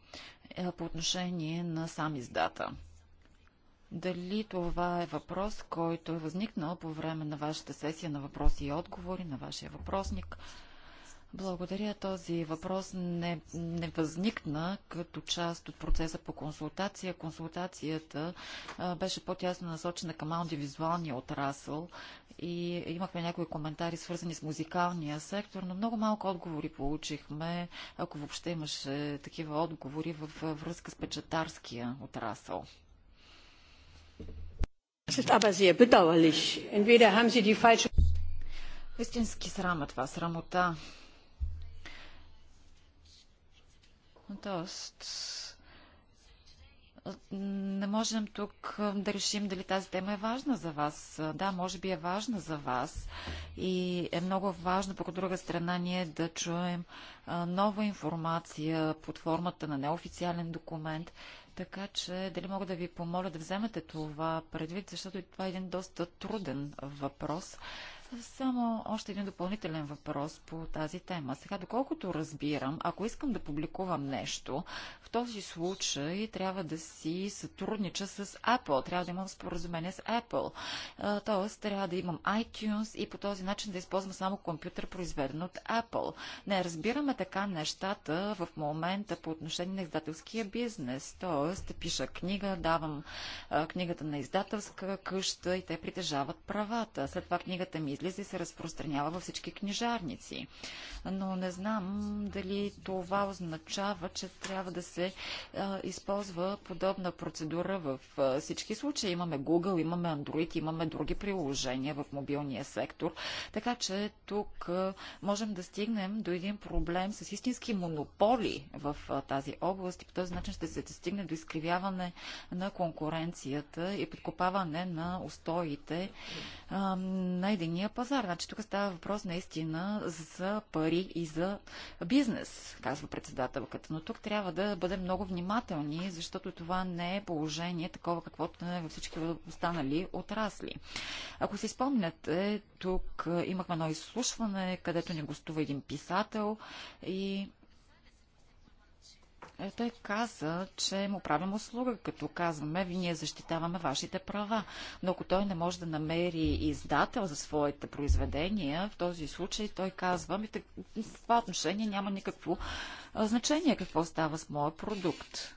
е, по отношение на сам издата. Дали това е въпрос, който е възникнал по време на вашата сесия на въпроси и отговори, на вашия въпросник? Благодаря. Този въпрос не, не възникна като част от процеса по консултация. Консултацията а, беше по-тясно насочена към аудиовизуалния отрасъл и имахме някои коментари свързани с музикалния сектор, но много малко отговори получихме, ако въобще имаше такива отговори в връзка с печатарския отрасъл. Истински срама е това, срамота. Тоест, не можем тук да решим дали тази тема е важна за вас. Да, може би е важна за вас и е много важно, по друга страна, ние да чуем нова информация под формата на неофициален документ. Така че, дали мога да ви помоля да вземете това предвид, защото това е един доста труден въпрос само още един допълнителен въпрос по тази тема. Сега, доколкото разбирам, ако искам да публикувам нещо, в този случай трябва да си сътруднича с Apple. Трябва да имам споразумение с Apple. Тоест, трябва да имам iTunes и по този начин да използвам само компютър, произведен от Apple. Не разбираме така нещата в момента по отношение на издателския бизнес. Тоест, пиша книга, давам книгата на издателска къща и те притежават правата. След това книгата ми излиза и се разпространява във всички книжарници. Но не знам дали това означава, че трябва да се а, използва подобна процедура в а, всички случаи. Имаме Google, имаме Android, имаме други приложения в мобилния сектор. Така че тук а, можем да стигнем до един проблем с истински монополи в а, тази област и по този начин ще се стигне до изкривяване на конкуренцията и подкопаване на устоите а, на единия вътрешния пазар. Значи тук става въпрос наистина за пари и за бизнес, казва председателката. Но тук трябва да бъдем много внимателни, защото това не е положение такова, каквото не е във всички останали отрасли. Ако си спомняте, тук имахме едно изслушване, където ни гостува един писател и е, той каза, че му правим услуга, като казваме, ние защитаваме вашите права. Но ако той не може да намери издател за своите произведения, в този случай той казва, ми, в това отношение няма никакво значение какво става с моя продукт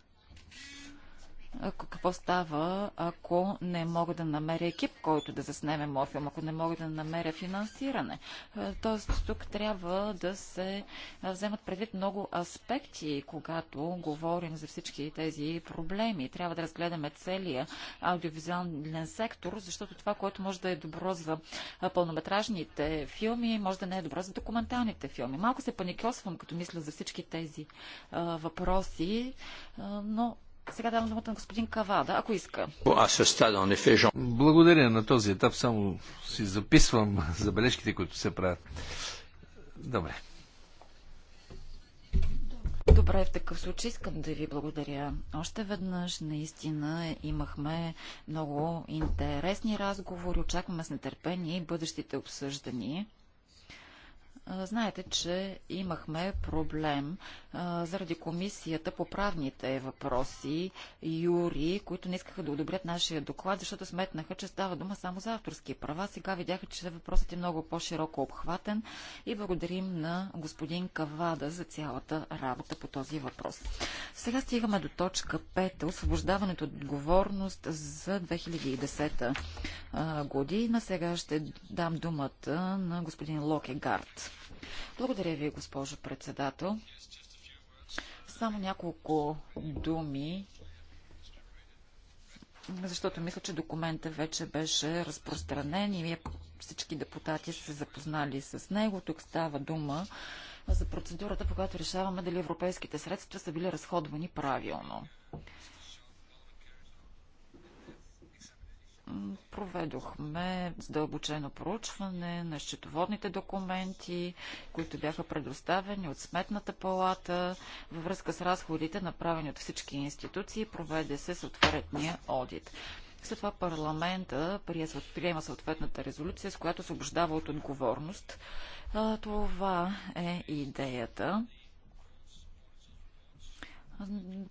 какво става, ако не мога да намеря екип, който да заснеме моят филм, ако не мога да намеря финансиране. Е, тоест, тук трябва да се е, вземат предвид много аспекти, когато говорим за всички тези проблеми. Трябва да разгледаме целия аудиовизуален сектор, защото това, което може да е добро за е, пълнометражните филми, може да не е добро за документалните филми. Малко се паникосвам, като мисля за всички тези въпроси, но сега давам думата на господин Кавада, ако иска. Е благодаря на този етап, само си записвам [LAUGHS] забележките, които се правят. Добре. Добре, в такъв случай искам да ви благодаря още веднъж. Наистина имахме много интересни разговори. Очакваме с нетърпение и бъдещите обсъждания. Знаете, че имахме проблем а, заради комисията по правните въпроси, юри, които не искаха да одобрят нашия доклад, защото сметнаха, че става дума само за авторски права. Сега видяха, че въпросът е много по-широко обхватен и благодарим на господин Кавада за цялата работа по този въпрос. Сега стигаме до точка 5. Освобождаването от отговорност за 2010 година. Сега ще дам думата на господин Локегард. Благодаря ви, госпожо председател. Само няколко думи, защото мисля, че документа вече беше разпространен и всички депутати са се запознали с него. Тук става дума за процедурата, по която решаваме дали европейските средства са били разходвани правилно. проведохме задълбочено проучване на счетоводните документи, които бяха предоставени от Сметната палата във връзка с разходите, направени от всички институции. Проведе се съответния одит. След това парламента приема съответната резолюция, с която се обождава от отговорност. Това е идеята.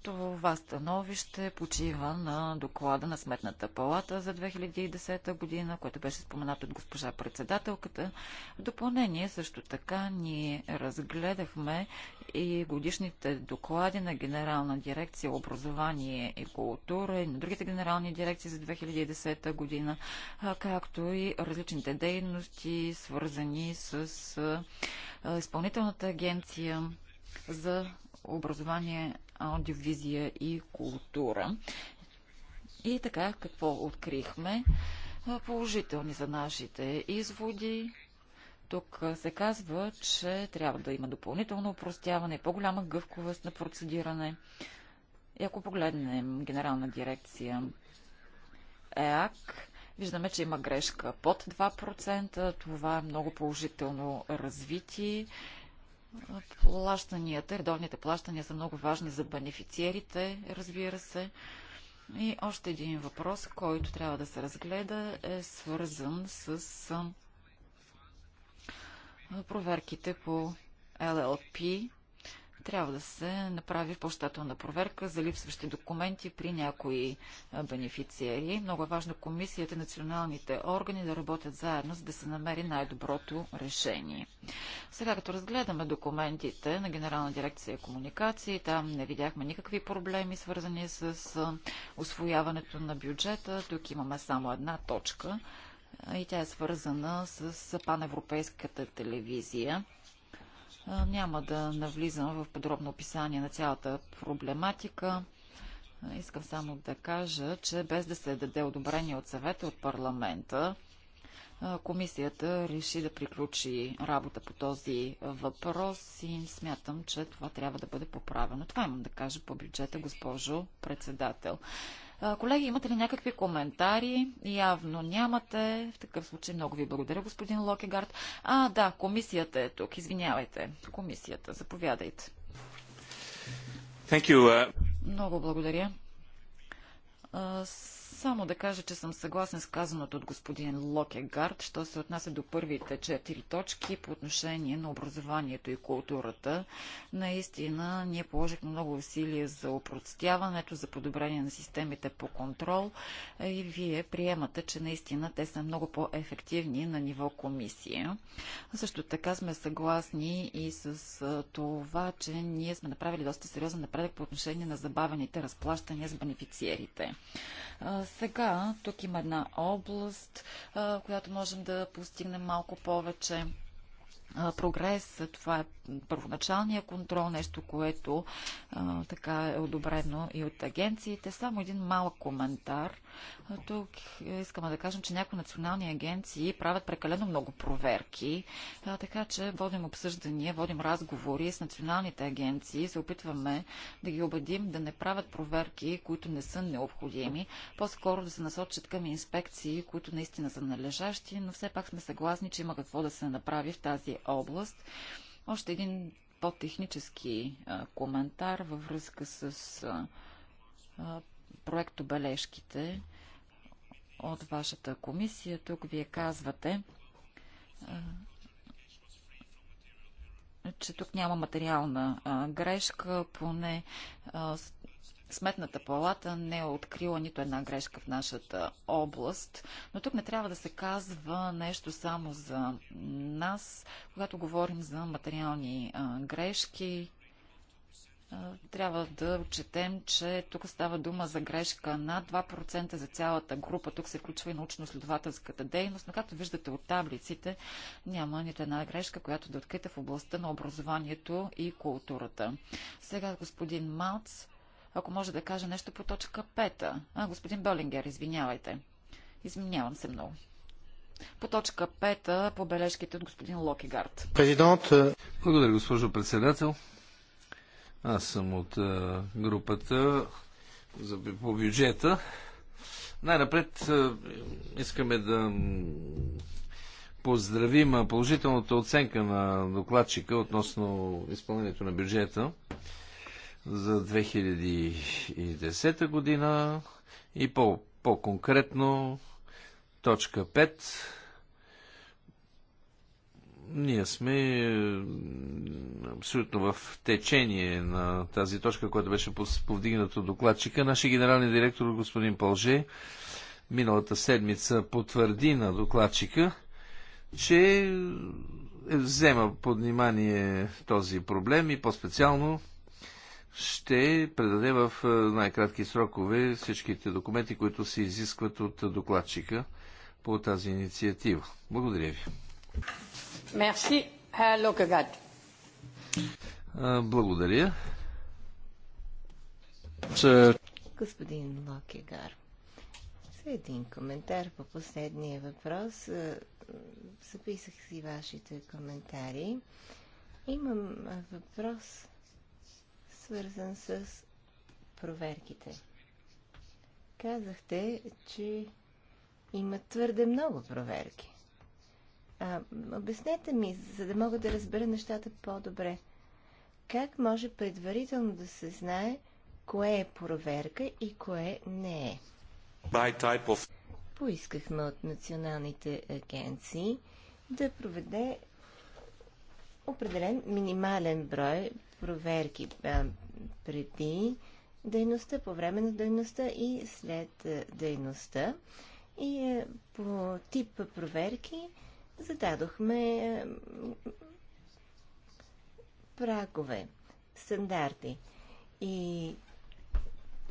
Това становище почива на доклада на Сметната палата за 2010 година, което беше споменато от госпожа председателката. В допълнение също така ние разгледахме и годишните доклади на Генерална дирекция образование и култура и на другите генерални дирекции за 2010 година, както и различните дейности, свързани с изпълнителната агенция за образование, аудиовизия и култура. И така, какво открихме? Положителни за нашите изводи. Тук се казва, че трябва да има допълнително упростяване, по-голяма гъвковост на процедиране. И ако погледнем генерална дирекция ЕАК, виждаме, че има грешка под 2%. Това е много положително развитие Плащанията, редовните плащания са много важни за бенефициерите, разбира се. И още един въпрос, който трябва да се разгледа, е свързан с проверките по LLP трябва да се направи по-щателна проверка за липсващи документи при някои бенефициери. Много е важно комисията и националните органи да работят заедно, за да се намери най-доброто решение. Сега, като разгледаме документите на Генерална дирекция комуникации, там не видяхме никакви проблеми, свързани с освояването на бюджета. Тук имаме само една точка и тя е свързана с паневропейската телевизия. Няма да навлизам в подробно описание на цялата проблематика. Искам само да кажа, че без да се даде одобрение от съвета от парламента, комисията реши да приключи работа по този въпрос и смятам, че това трябва да бъде поправено. Това имам да кажа по бюджета, госпожо председател. Колеги, имате ли някакви коментари? Явно нямате. В такъв случай много ви благодаря, господин Локегард. А, да, комисията е тук. Извинявайте. Комисията. Заповядайте. Thank you. Uh, много благодаря. Само да кажа, че съм съгласен с казаното от господин Локегард, що се отнася до първите четири точки по отношение на образованието и културата. Наистина, ние положихме много усилия за опростяването, за подобрение на системите по контрол е, и вие приемате, че наистина те са много по-ефективни на ниво комисия. Също така сме съгласни и с това, че ние сме направили доста сериозен напредък по отношение на забавените разплащания с бенефициерите сега тук има една област, която можем да постигнем малко повече прогрес, това е първоначалния контрол, нещо, което а, така е одобрено и от агенциите. Само един малък коментар. А, тук искаме да кажем, че някои национални агенции правят прекалено много проверки, а, така че водим обсъждания, водим разговори с националните агенции, се опитваме да ги убедим да не правят проверки, които не са необходими, по-скоро да се насочат към инспекции, които наистина са належащи, но все пак сме съгласни, че има какво да се направи в тази област. Още един по-технически коментар във връзка с а, проектобележките от вашата комисия. Тук вие казвате, а, че тук няма материална а, грешка, поне а, Сметната палата не е открила нито една грешка в нашата област, но тук не трябва да се казва нещо само за нас, когато говорим за материални а, грешки. трябва да отчетем, че тук става дума за грешка на 2% за цялата група. Тук се включва и научно-следователската дейност, но както виждате от таблиците, няма нито една грешка, която да е открита в областта на образованието и културата. Сега господин Малц ако може да кажа нещо по точка 5. А, господин Белингер, извинявайте. извинявам се много. По точка 5 по бележките от господин Локигард. Президент. Е, Благодаря, госпожо председател. Аз съм от е, групата за, по бюджета. Най-напред е, искаме да поздравим положителната оценка на докладчика относно изпълнението на бюджета за 2010 година и по, по-конкретно точка 5. Ние сме е, абсолютно в течение на тази точка, която беше повдигната докладчика. Нашия генерален директор господин Пълже миналата седмица потвърди на докладчика, че е, взема под внимание този проблем и по-специално ще предаде в е, най-кратки срокове всичките документи, които се изискват от докладчика по тази инициатива. Благодаря ви. Мерси, Благодаря. Господин Локегар, за един коментар по последния въпрос. Е, записах си вашите коментари. Имам въпрос свързан с проверките. Казахте, че има твърде много проверки. А, обяснете ми, за да мога да разбера нещата по-добре. Как може предварително да се знае кое е проверка и кое не е? Of... Поискахме от националните агенции да проведе определен минимален брой проверки а, преди дейността, по време на дейността и след дейността. И по тип проверки зададохме прагове, стандарти. И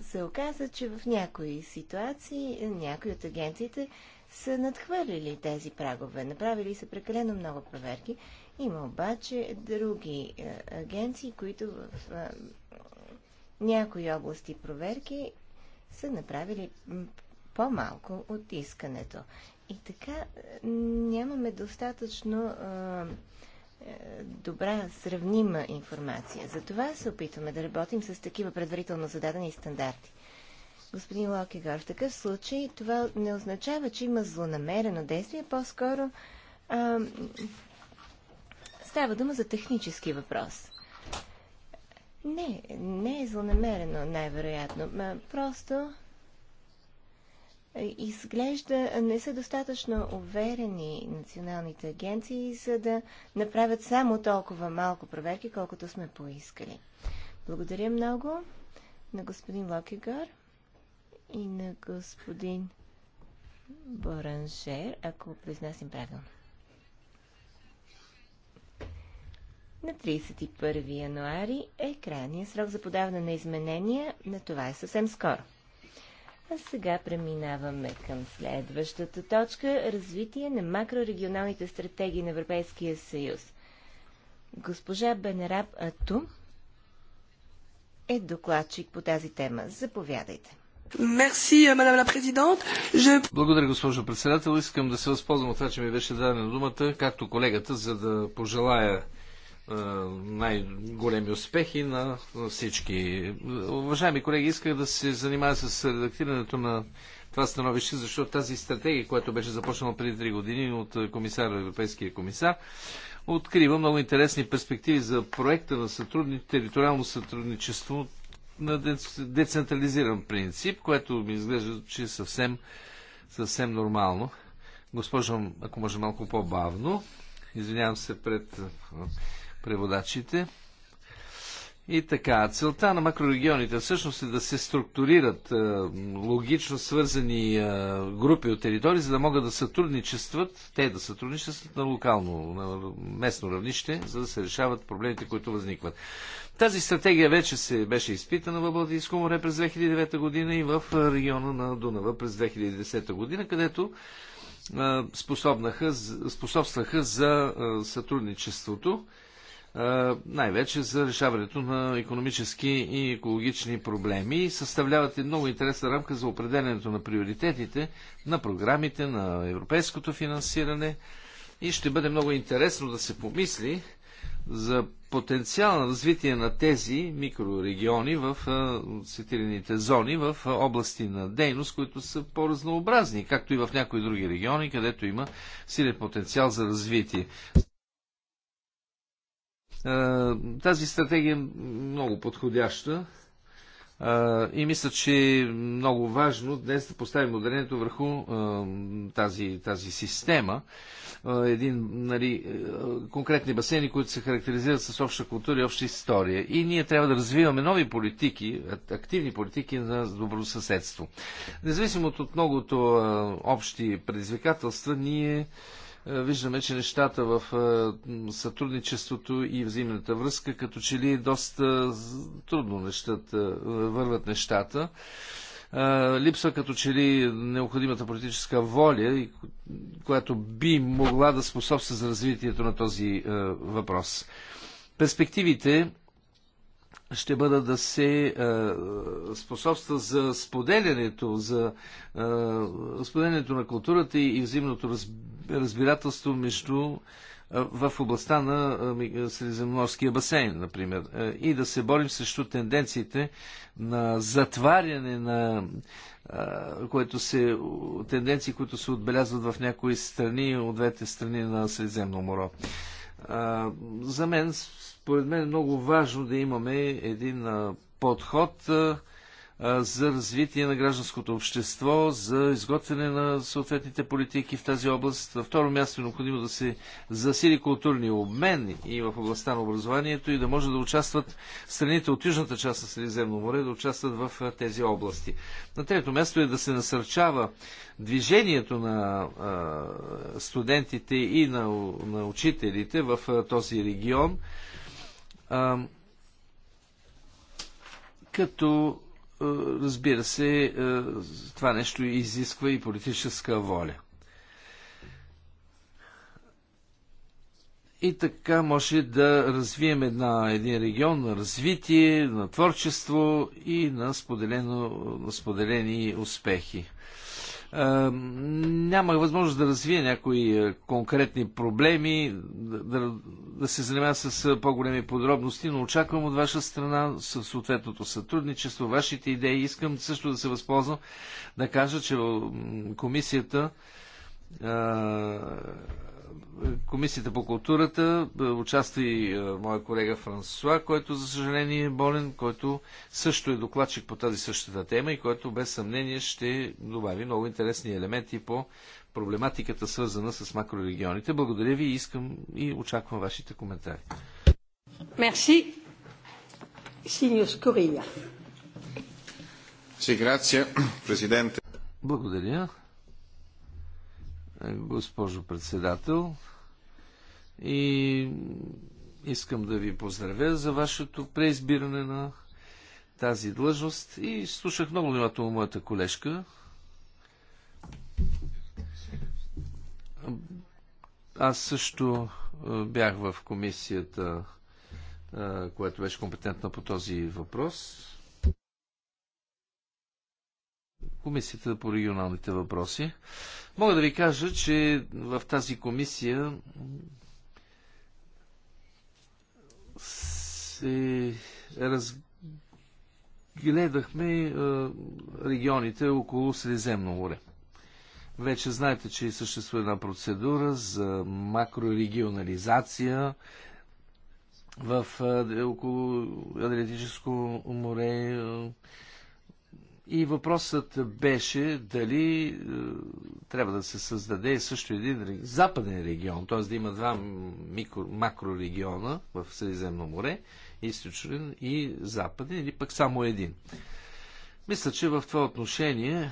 се оказа, че в някои ситуации някои от агенциите са надхвърлили тези прагове, направили са прекалено много проверки има обаче други е, агенции, които в е, някои области проверки са направили по-малко от искането. И така е, нямаме достатъчно добра, сравнима информация. Затова се опитваме да работим с такива предварително зададени стандарти. Господин Локегор, в такъв случай това не означава, че има злонамерено действие, по-скоро Става дума за технически въпрос. Не, не е злонамерено, най-вероятно. Просто е, изглежда не са достатъчно уверени националните агенции, за да направят само толкова малко проверки, колкото сме поискали. Благодаря много на господин Локигар и на господин Боранжер, ако произнасям правилно. На 31 януари е крайния срок за подаване на изменения, на това е съвсем скоро. А сега преминаваме към следващата точка – развитие на макрорегионалните стратегии на Европейския съюз. Госпожа Бенераб Ату е докладчик по тази тема. Заповядайте. Мерси, мадам euh, Je... Благодаря, госпожо председател. Искам да се възползвам от това, че ми беше дадена думата, както колегата, за да пожелая е, най-големи успехи на всички. Уважаеми колеги, исках да се занимая с редактирането на това становище, защото тази стратегия, която беше започнала преди три години от комисар, европейския комисар, открива много интересни перспективи за проекта на сътрудни, териториално сътрудничество на децентрализиран принцип, което ми изглежда, че е съвсем, съвсем нормално. Госпожо, ако може малко по-бавно, извинявам се пред преводачите. И така, целта на макрорегионите всъщност е да се структурират е, логично свързани е, групи от територии, за да могат да сътрудничестват, те да сътрудничестват на локално, на местно равнище, за да се решават проблемите, които възникват. Тази стратегия вече се беше изпитана в Балтийско море през 2009 година и в е, региона на Дунава през 2010 година, където е, способстваха за е, сътрудничеството най-вече за решаването на економически и екологични проблеми и съставляват много интересна рамка за определенето на приоритетите на програмите, на европейското финансиране и ще бъде много интересно да се помисли за потенциално развитие на тези микрорегиони в цитираните зони, в области на дейност, които са по-разнообразни, както и в някои други региони, където има силен потенциал за развитие. Е, тази стратегия е много подходяща е, и мисля, че е много важно днес да поставим ударението върху е, тази, тази система. Един, нали, конкретни басейни, които се характеризират с обща култура и обща история. И ние трябва да развиваме нови политики, активни политики на добросъседство. Независимо от многото общи предизвикателства, ние е, виждаме, че нещата в е, сътрудничеството и взаимната връзка, като че ли доста трудно нещата, е, върват нещата. Липсва като че ли необходимата политическа воля, която би могла да способства за развитието на този въпрос. Перспективите ще бъдат да се а, е, способства за споделянето, за а, е, споделянето на културата и, взаимното разбирателство между а, е, в областта на Средиземноморския басейн, например, и да се борим срещу тенденциите на затваряне на което се, тенденции, които се отбелязват в някои страни, от двете страни на Средиземно море. За мен според мен е много важно да имаме един подход за развитие на гражданското общество, за изготвяне на съответните политики в тази област. На второ място е необходимо да се засили културния обмен и в областта на образованието и да може да участват страните от южната част на Средиземно море, да участват в тези области. На трето място е да се насърчава движението на студентите и на, учителите в този регион а, като а, разбира се, а, това нещо изисква и политическа воля. И така може да развием една, един регион на развитие, на творчество и на, споделено, на споделени успехи. Е, нямах възможност да развия някои е, конкретни проблеми, да, да, се занимава с е, по-големи подробности, но очаквам от ваша страна със съответното сътрудничество, вашите идеи. Искам също да се възползвам да кажа, че комисията Комисията по културата е, участва и е, моя колега Франсуа, който за съжаление е болен, който също е докладчик по тази същата тема и който без съмнение ще добави много интересни елементи по проблематиката, свързана с макрорегионите. Благодаря ви и искам и очаквам вашите коментари. Мерси. Синьос Кория. Благодаря госпожо председател. И искам да ви поздравя за вашето преизбиране на тази длъжност и слушах много внимателно моята колежка. Аз също бях в комисията, която беше компетентна по този въпрос. Комисията по регионалните въпроси. Мога да ви кажа, че в тази комисия се разгледахме е, регионите около Средиземно море. Вече знаете, че съществува една процедура за макрорегионализация в е, около Адриатическо море е, и въпросът беше дали е, трябва да се създаде също един западен регион, т.е. да има два микро, макрорегиона в Средиземно море, източен и западен, или пък само един. Мисля, че в това отношение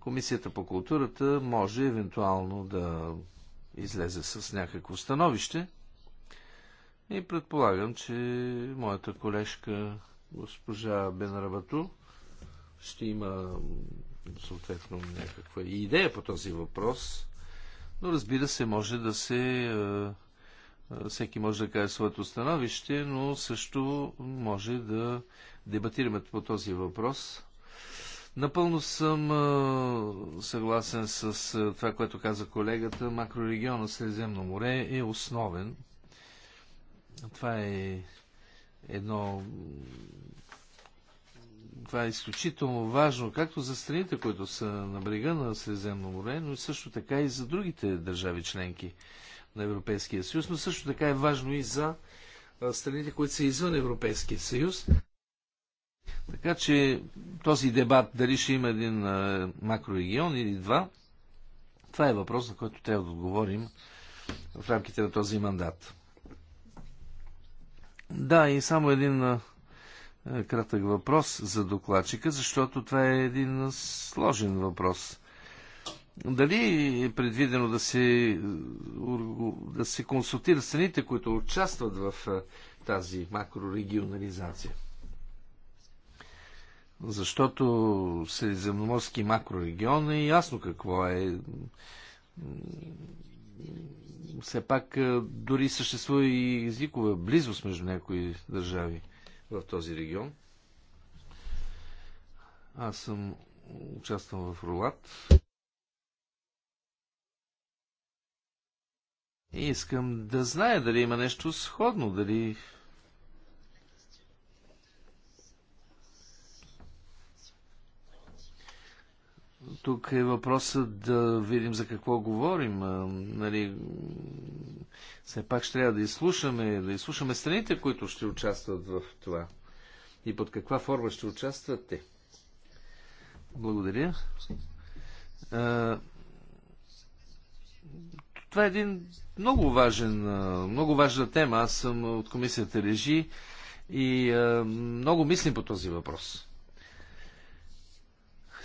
Комисията по културата може евентуално да излезе с някакво становище. И предполагам, че моята колежка госпожа Бенрабату ще има съответно някаква идея по този въпрос, но разбира се, може да се. Всеки може да каже своето становище, но също може да дебатираме по този въпрос. Напълно съм съгласен с това, което каза колегата. Макрорегионът Средиземно море е основен. Това е едно това е изключително важно, както за страните, които са на брега на Средиземно море, но и също така и за другите държави членки на Европейския съюз, но също така е важно и за страните, които са извън Европейския съюз. Така че този дебат, дали ще има един макрорегион или два, това е въпрос, на който трябва да отговорим в рамките на този мандат. Да, и само един е, кратък въпрос за докладчика, защото това е един сложен въпрос. Дали е предвидено да се, да се консултира страните, които участват в е, тази макрорегионализация? Защото Средиземноморски макрорегион е ясно какво е. Все пак е, дори съществува и езикова близост между някои държави в този регион. Аз съм участвам в Рулат. И искам да зная дали има нещо сходно, дали Тук е въпросът да видим за какво говорим. Нали, все пак ще трябва да изслушаме, да изслушаме страните, които ще участват в това. И под каква форма ще участват те. Благодаря. Това е един много важен, много важна тема. Аз съм от комисията Режи и много мислим по този въпрос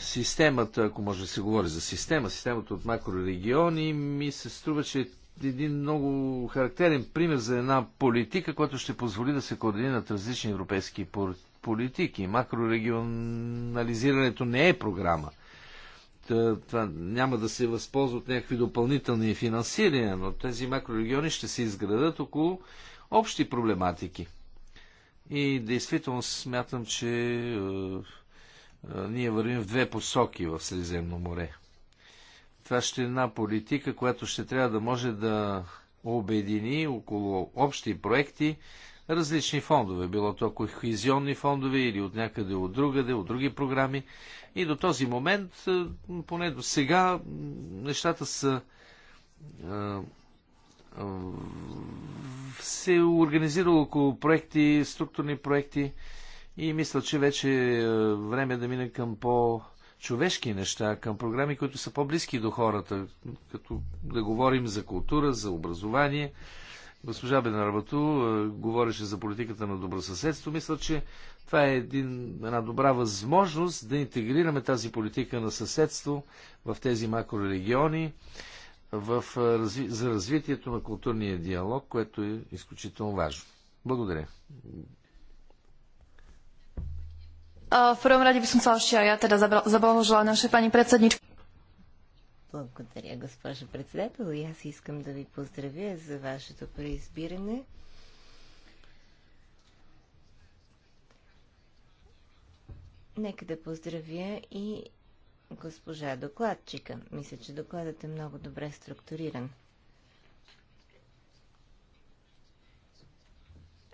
системата, ако може да се говори за система, системата от макрорегиони, ми се струва, че е един много характерен пример за една политика, която ще позволи да се координират различни европейски политики. Макрорегионализирането не е програма. Това няма да се възползват някакви допълнителни финансирания, но тези макрорегиони ще се изградат около общи проблематики. И действително смятам, че е, ние вървим в две посоки в Средиземно море. Това ще е една политика, която ще трябва да може да обедини около общи проекти различни фондове, било то кохизионни фондове или от някъде от другаде, от други програми. И до този момент, поне до сега, нещата са се организира е организирало около проекти, структурни проекти, и мисля, че вече е време да мине към по- човешки неща, към програми, които са по-близки до хората, като да говорим за култура, за образование. Госпожа Бенарабату е, говореше за политиката на добросъседство. Мисля, че това е един, една добра възможност да интегрираме тази политика на съседство в тези макрорегиони в, е, за развитието на културния диалог, което е изключително важно. Благодаря. V prvom rade by som sa ešte aj ja teda zablahožila našej pani predsedničke. Благодаря, госпожо председател. И аз искам да ви поздравя за вашето преизбиране. Нека да поздравя и госпожа докладчика. Мисля, че докладът е много добре структуриран.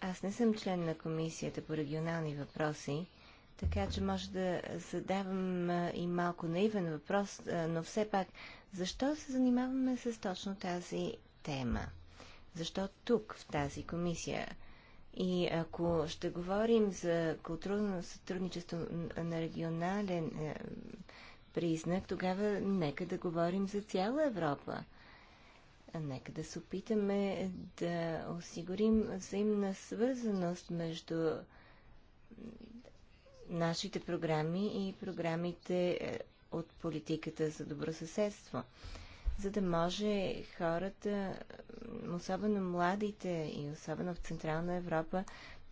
Аз не съм член на Комисията по регионални въпроси, така че може да задавам и малко наивен въпрос, но все пак, защо се занимаваме с точно тази тема? Защо тук, в тази комисия? И ако ще говорим за културно сътрудничество на регионален признак, тогава нека да говорим за цяла Европа. Нека да се опитаме да осигурим взаимна свързаност между нашите програми и програмите е, от политиката за добро съседство, за да може хората, особено младите и особено в Централна Европа,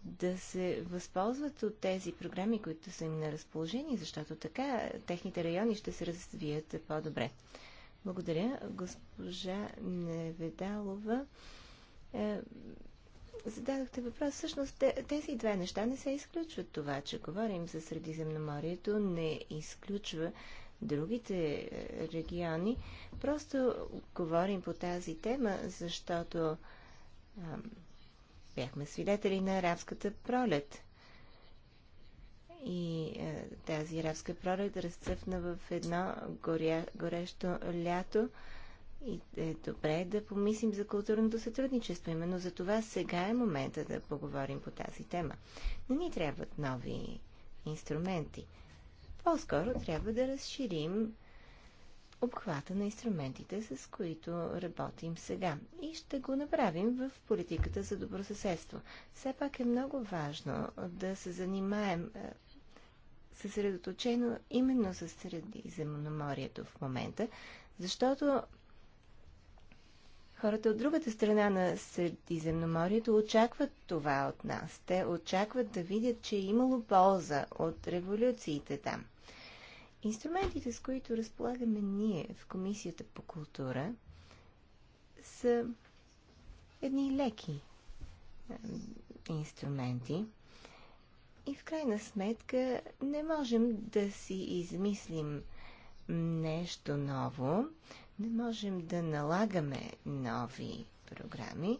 да се възползват от тези програми, които са им на разположение, защото така техните райони ще се развият по-добре. Благодаря. Госпожа Неведалова е, зададохте въпрос, всъщност тези две неща не се изключват. Това, че говорим за Средиземноморието, не изключва другите е, региони. Просто говорим по тази тема, защото а, бяхме свидетели на арабската пролет. И а, е, тази арабска пролет разцъфна в едно горя, горещо лято. И е добре да помислим за културното сътрудничество. Именно за това сега е момента да поговорим по тази тема. Не ни трябват нови инструменти. По-скоро трябва да разширим обхвата на инструментите, с които работим сега. И ще го направим в политиката за добросъседство. Все пак е много важно да се занимаем е, съсредоточено именно с Средиземноморието в момента, защото Хората от другата страна на Средиземноморието очакват това от нас. Те очакват да видят, че е имало полза от революциите там. Инструментите, с които разполагаме ние в Комисията по култура, са едни леки инструменти. И в крайна сметка не можем да си измислим нещо ново, не можем да налагаме нови програми,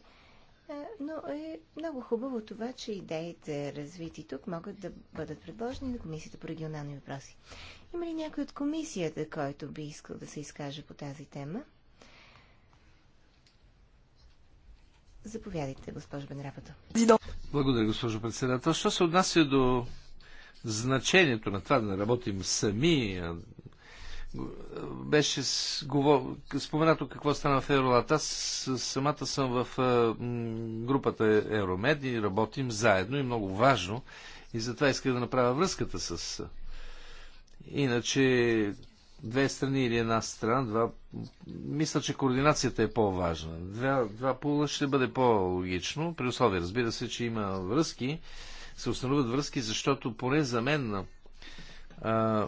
но е много хубаво това, че идеите развити тук могат да бъдат предложени на Комисията по регионални въпроси. Има ли някой от комисията, който би искал да се изкаже по тази тема? Заповядайте, госпожо Бенрапато. Благодаря, госпожо председател. Що се отнася до значението на това да не работим сами, беше споменато какво стана в Евролат. Аз самата съм в е, групата Евромед и работим заедно и много важно. И затова исках да направя връзката с... Е, иначе две страни или една страна, два... мисля, че координацията е по-важна. Два, два пола ще бъде по-логично, при условие, разбира се, че има връзки, се установят връзки, защото поне за мен а, е,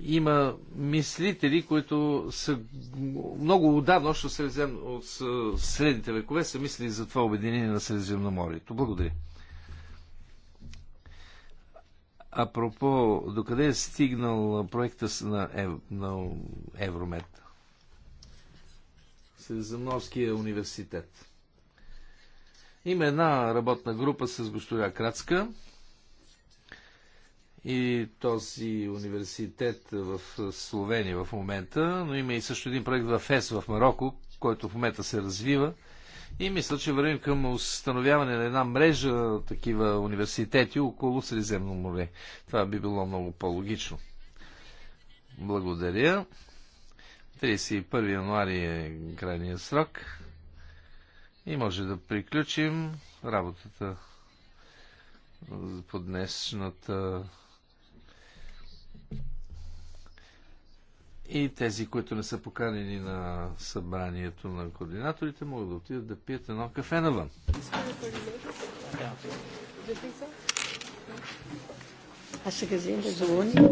има мислители, които са много отдавна, още средизем, от е, средните векове, са мислили за това обединение на Средиземноморието. Благодаря. Апропо, докъде е стигнал проекта на, Ев, на Евромед? Средиземноморския университет. Има една работна група с госпожа Крацка, и този университет в Словения в момента, но има и също един проект в ЕС в Марокко, който в момента се развива. И мисля, че вървим към установяване на една мрежа такива университети около Средиземно море. Това би било много по-логично. Благодаря. 31 януари е крайния срок. И може да приключим работата по днешната И тези, които не са поканени на събранието на координаторите, могат да отидат да пият едно кафе навън. Hast du gesehen, der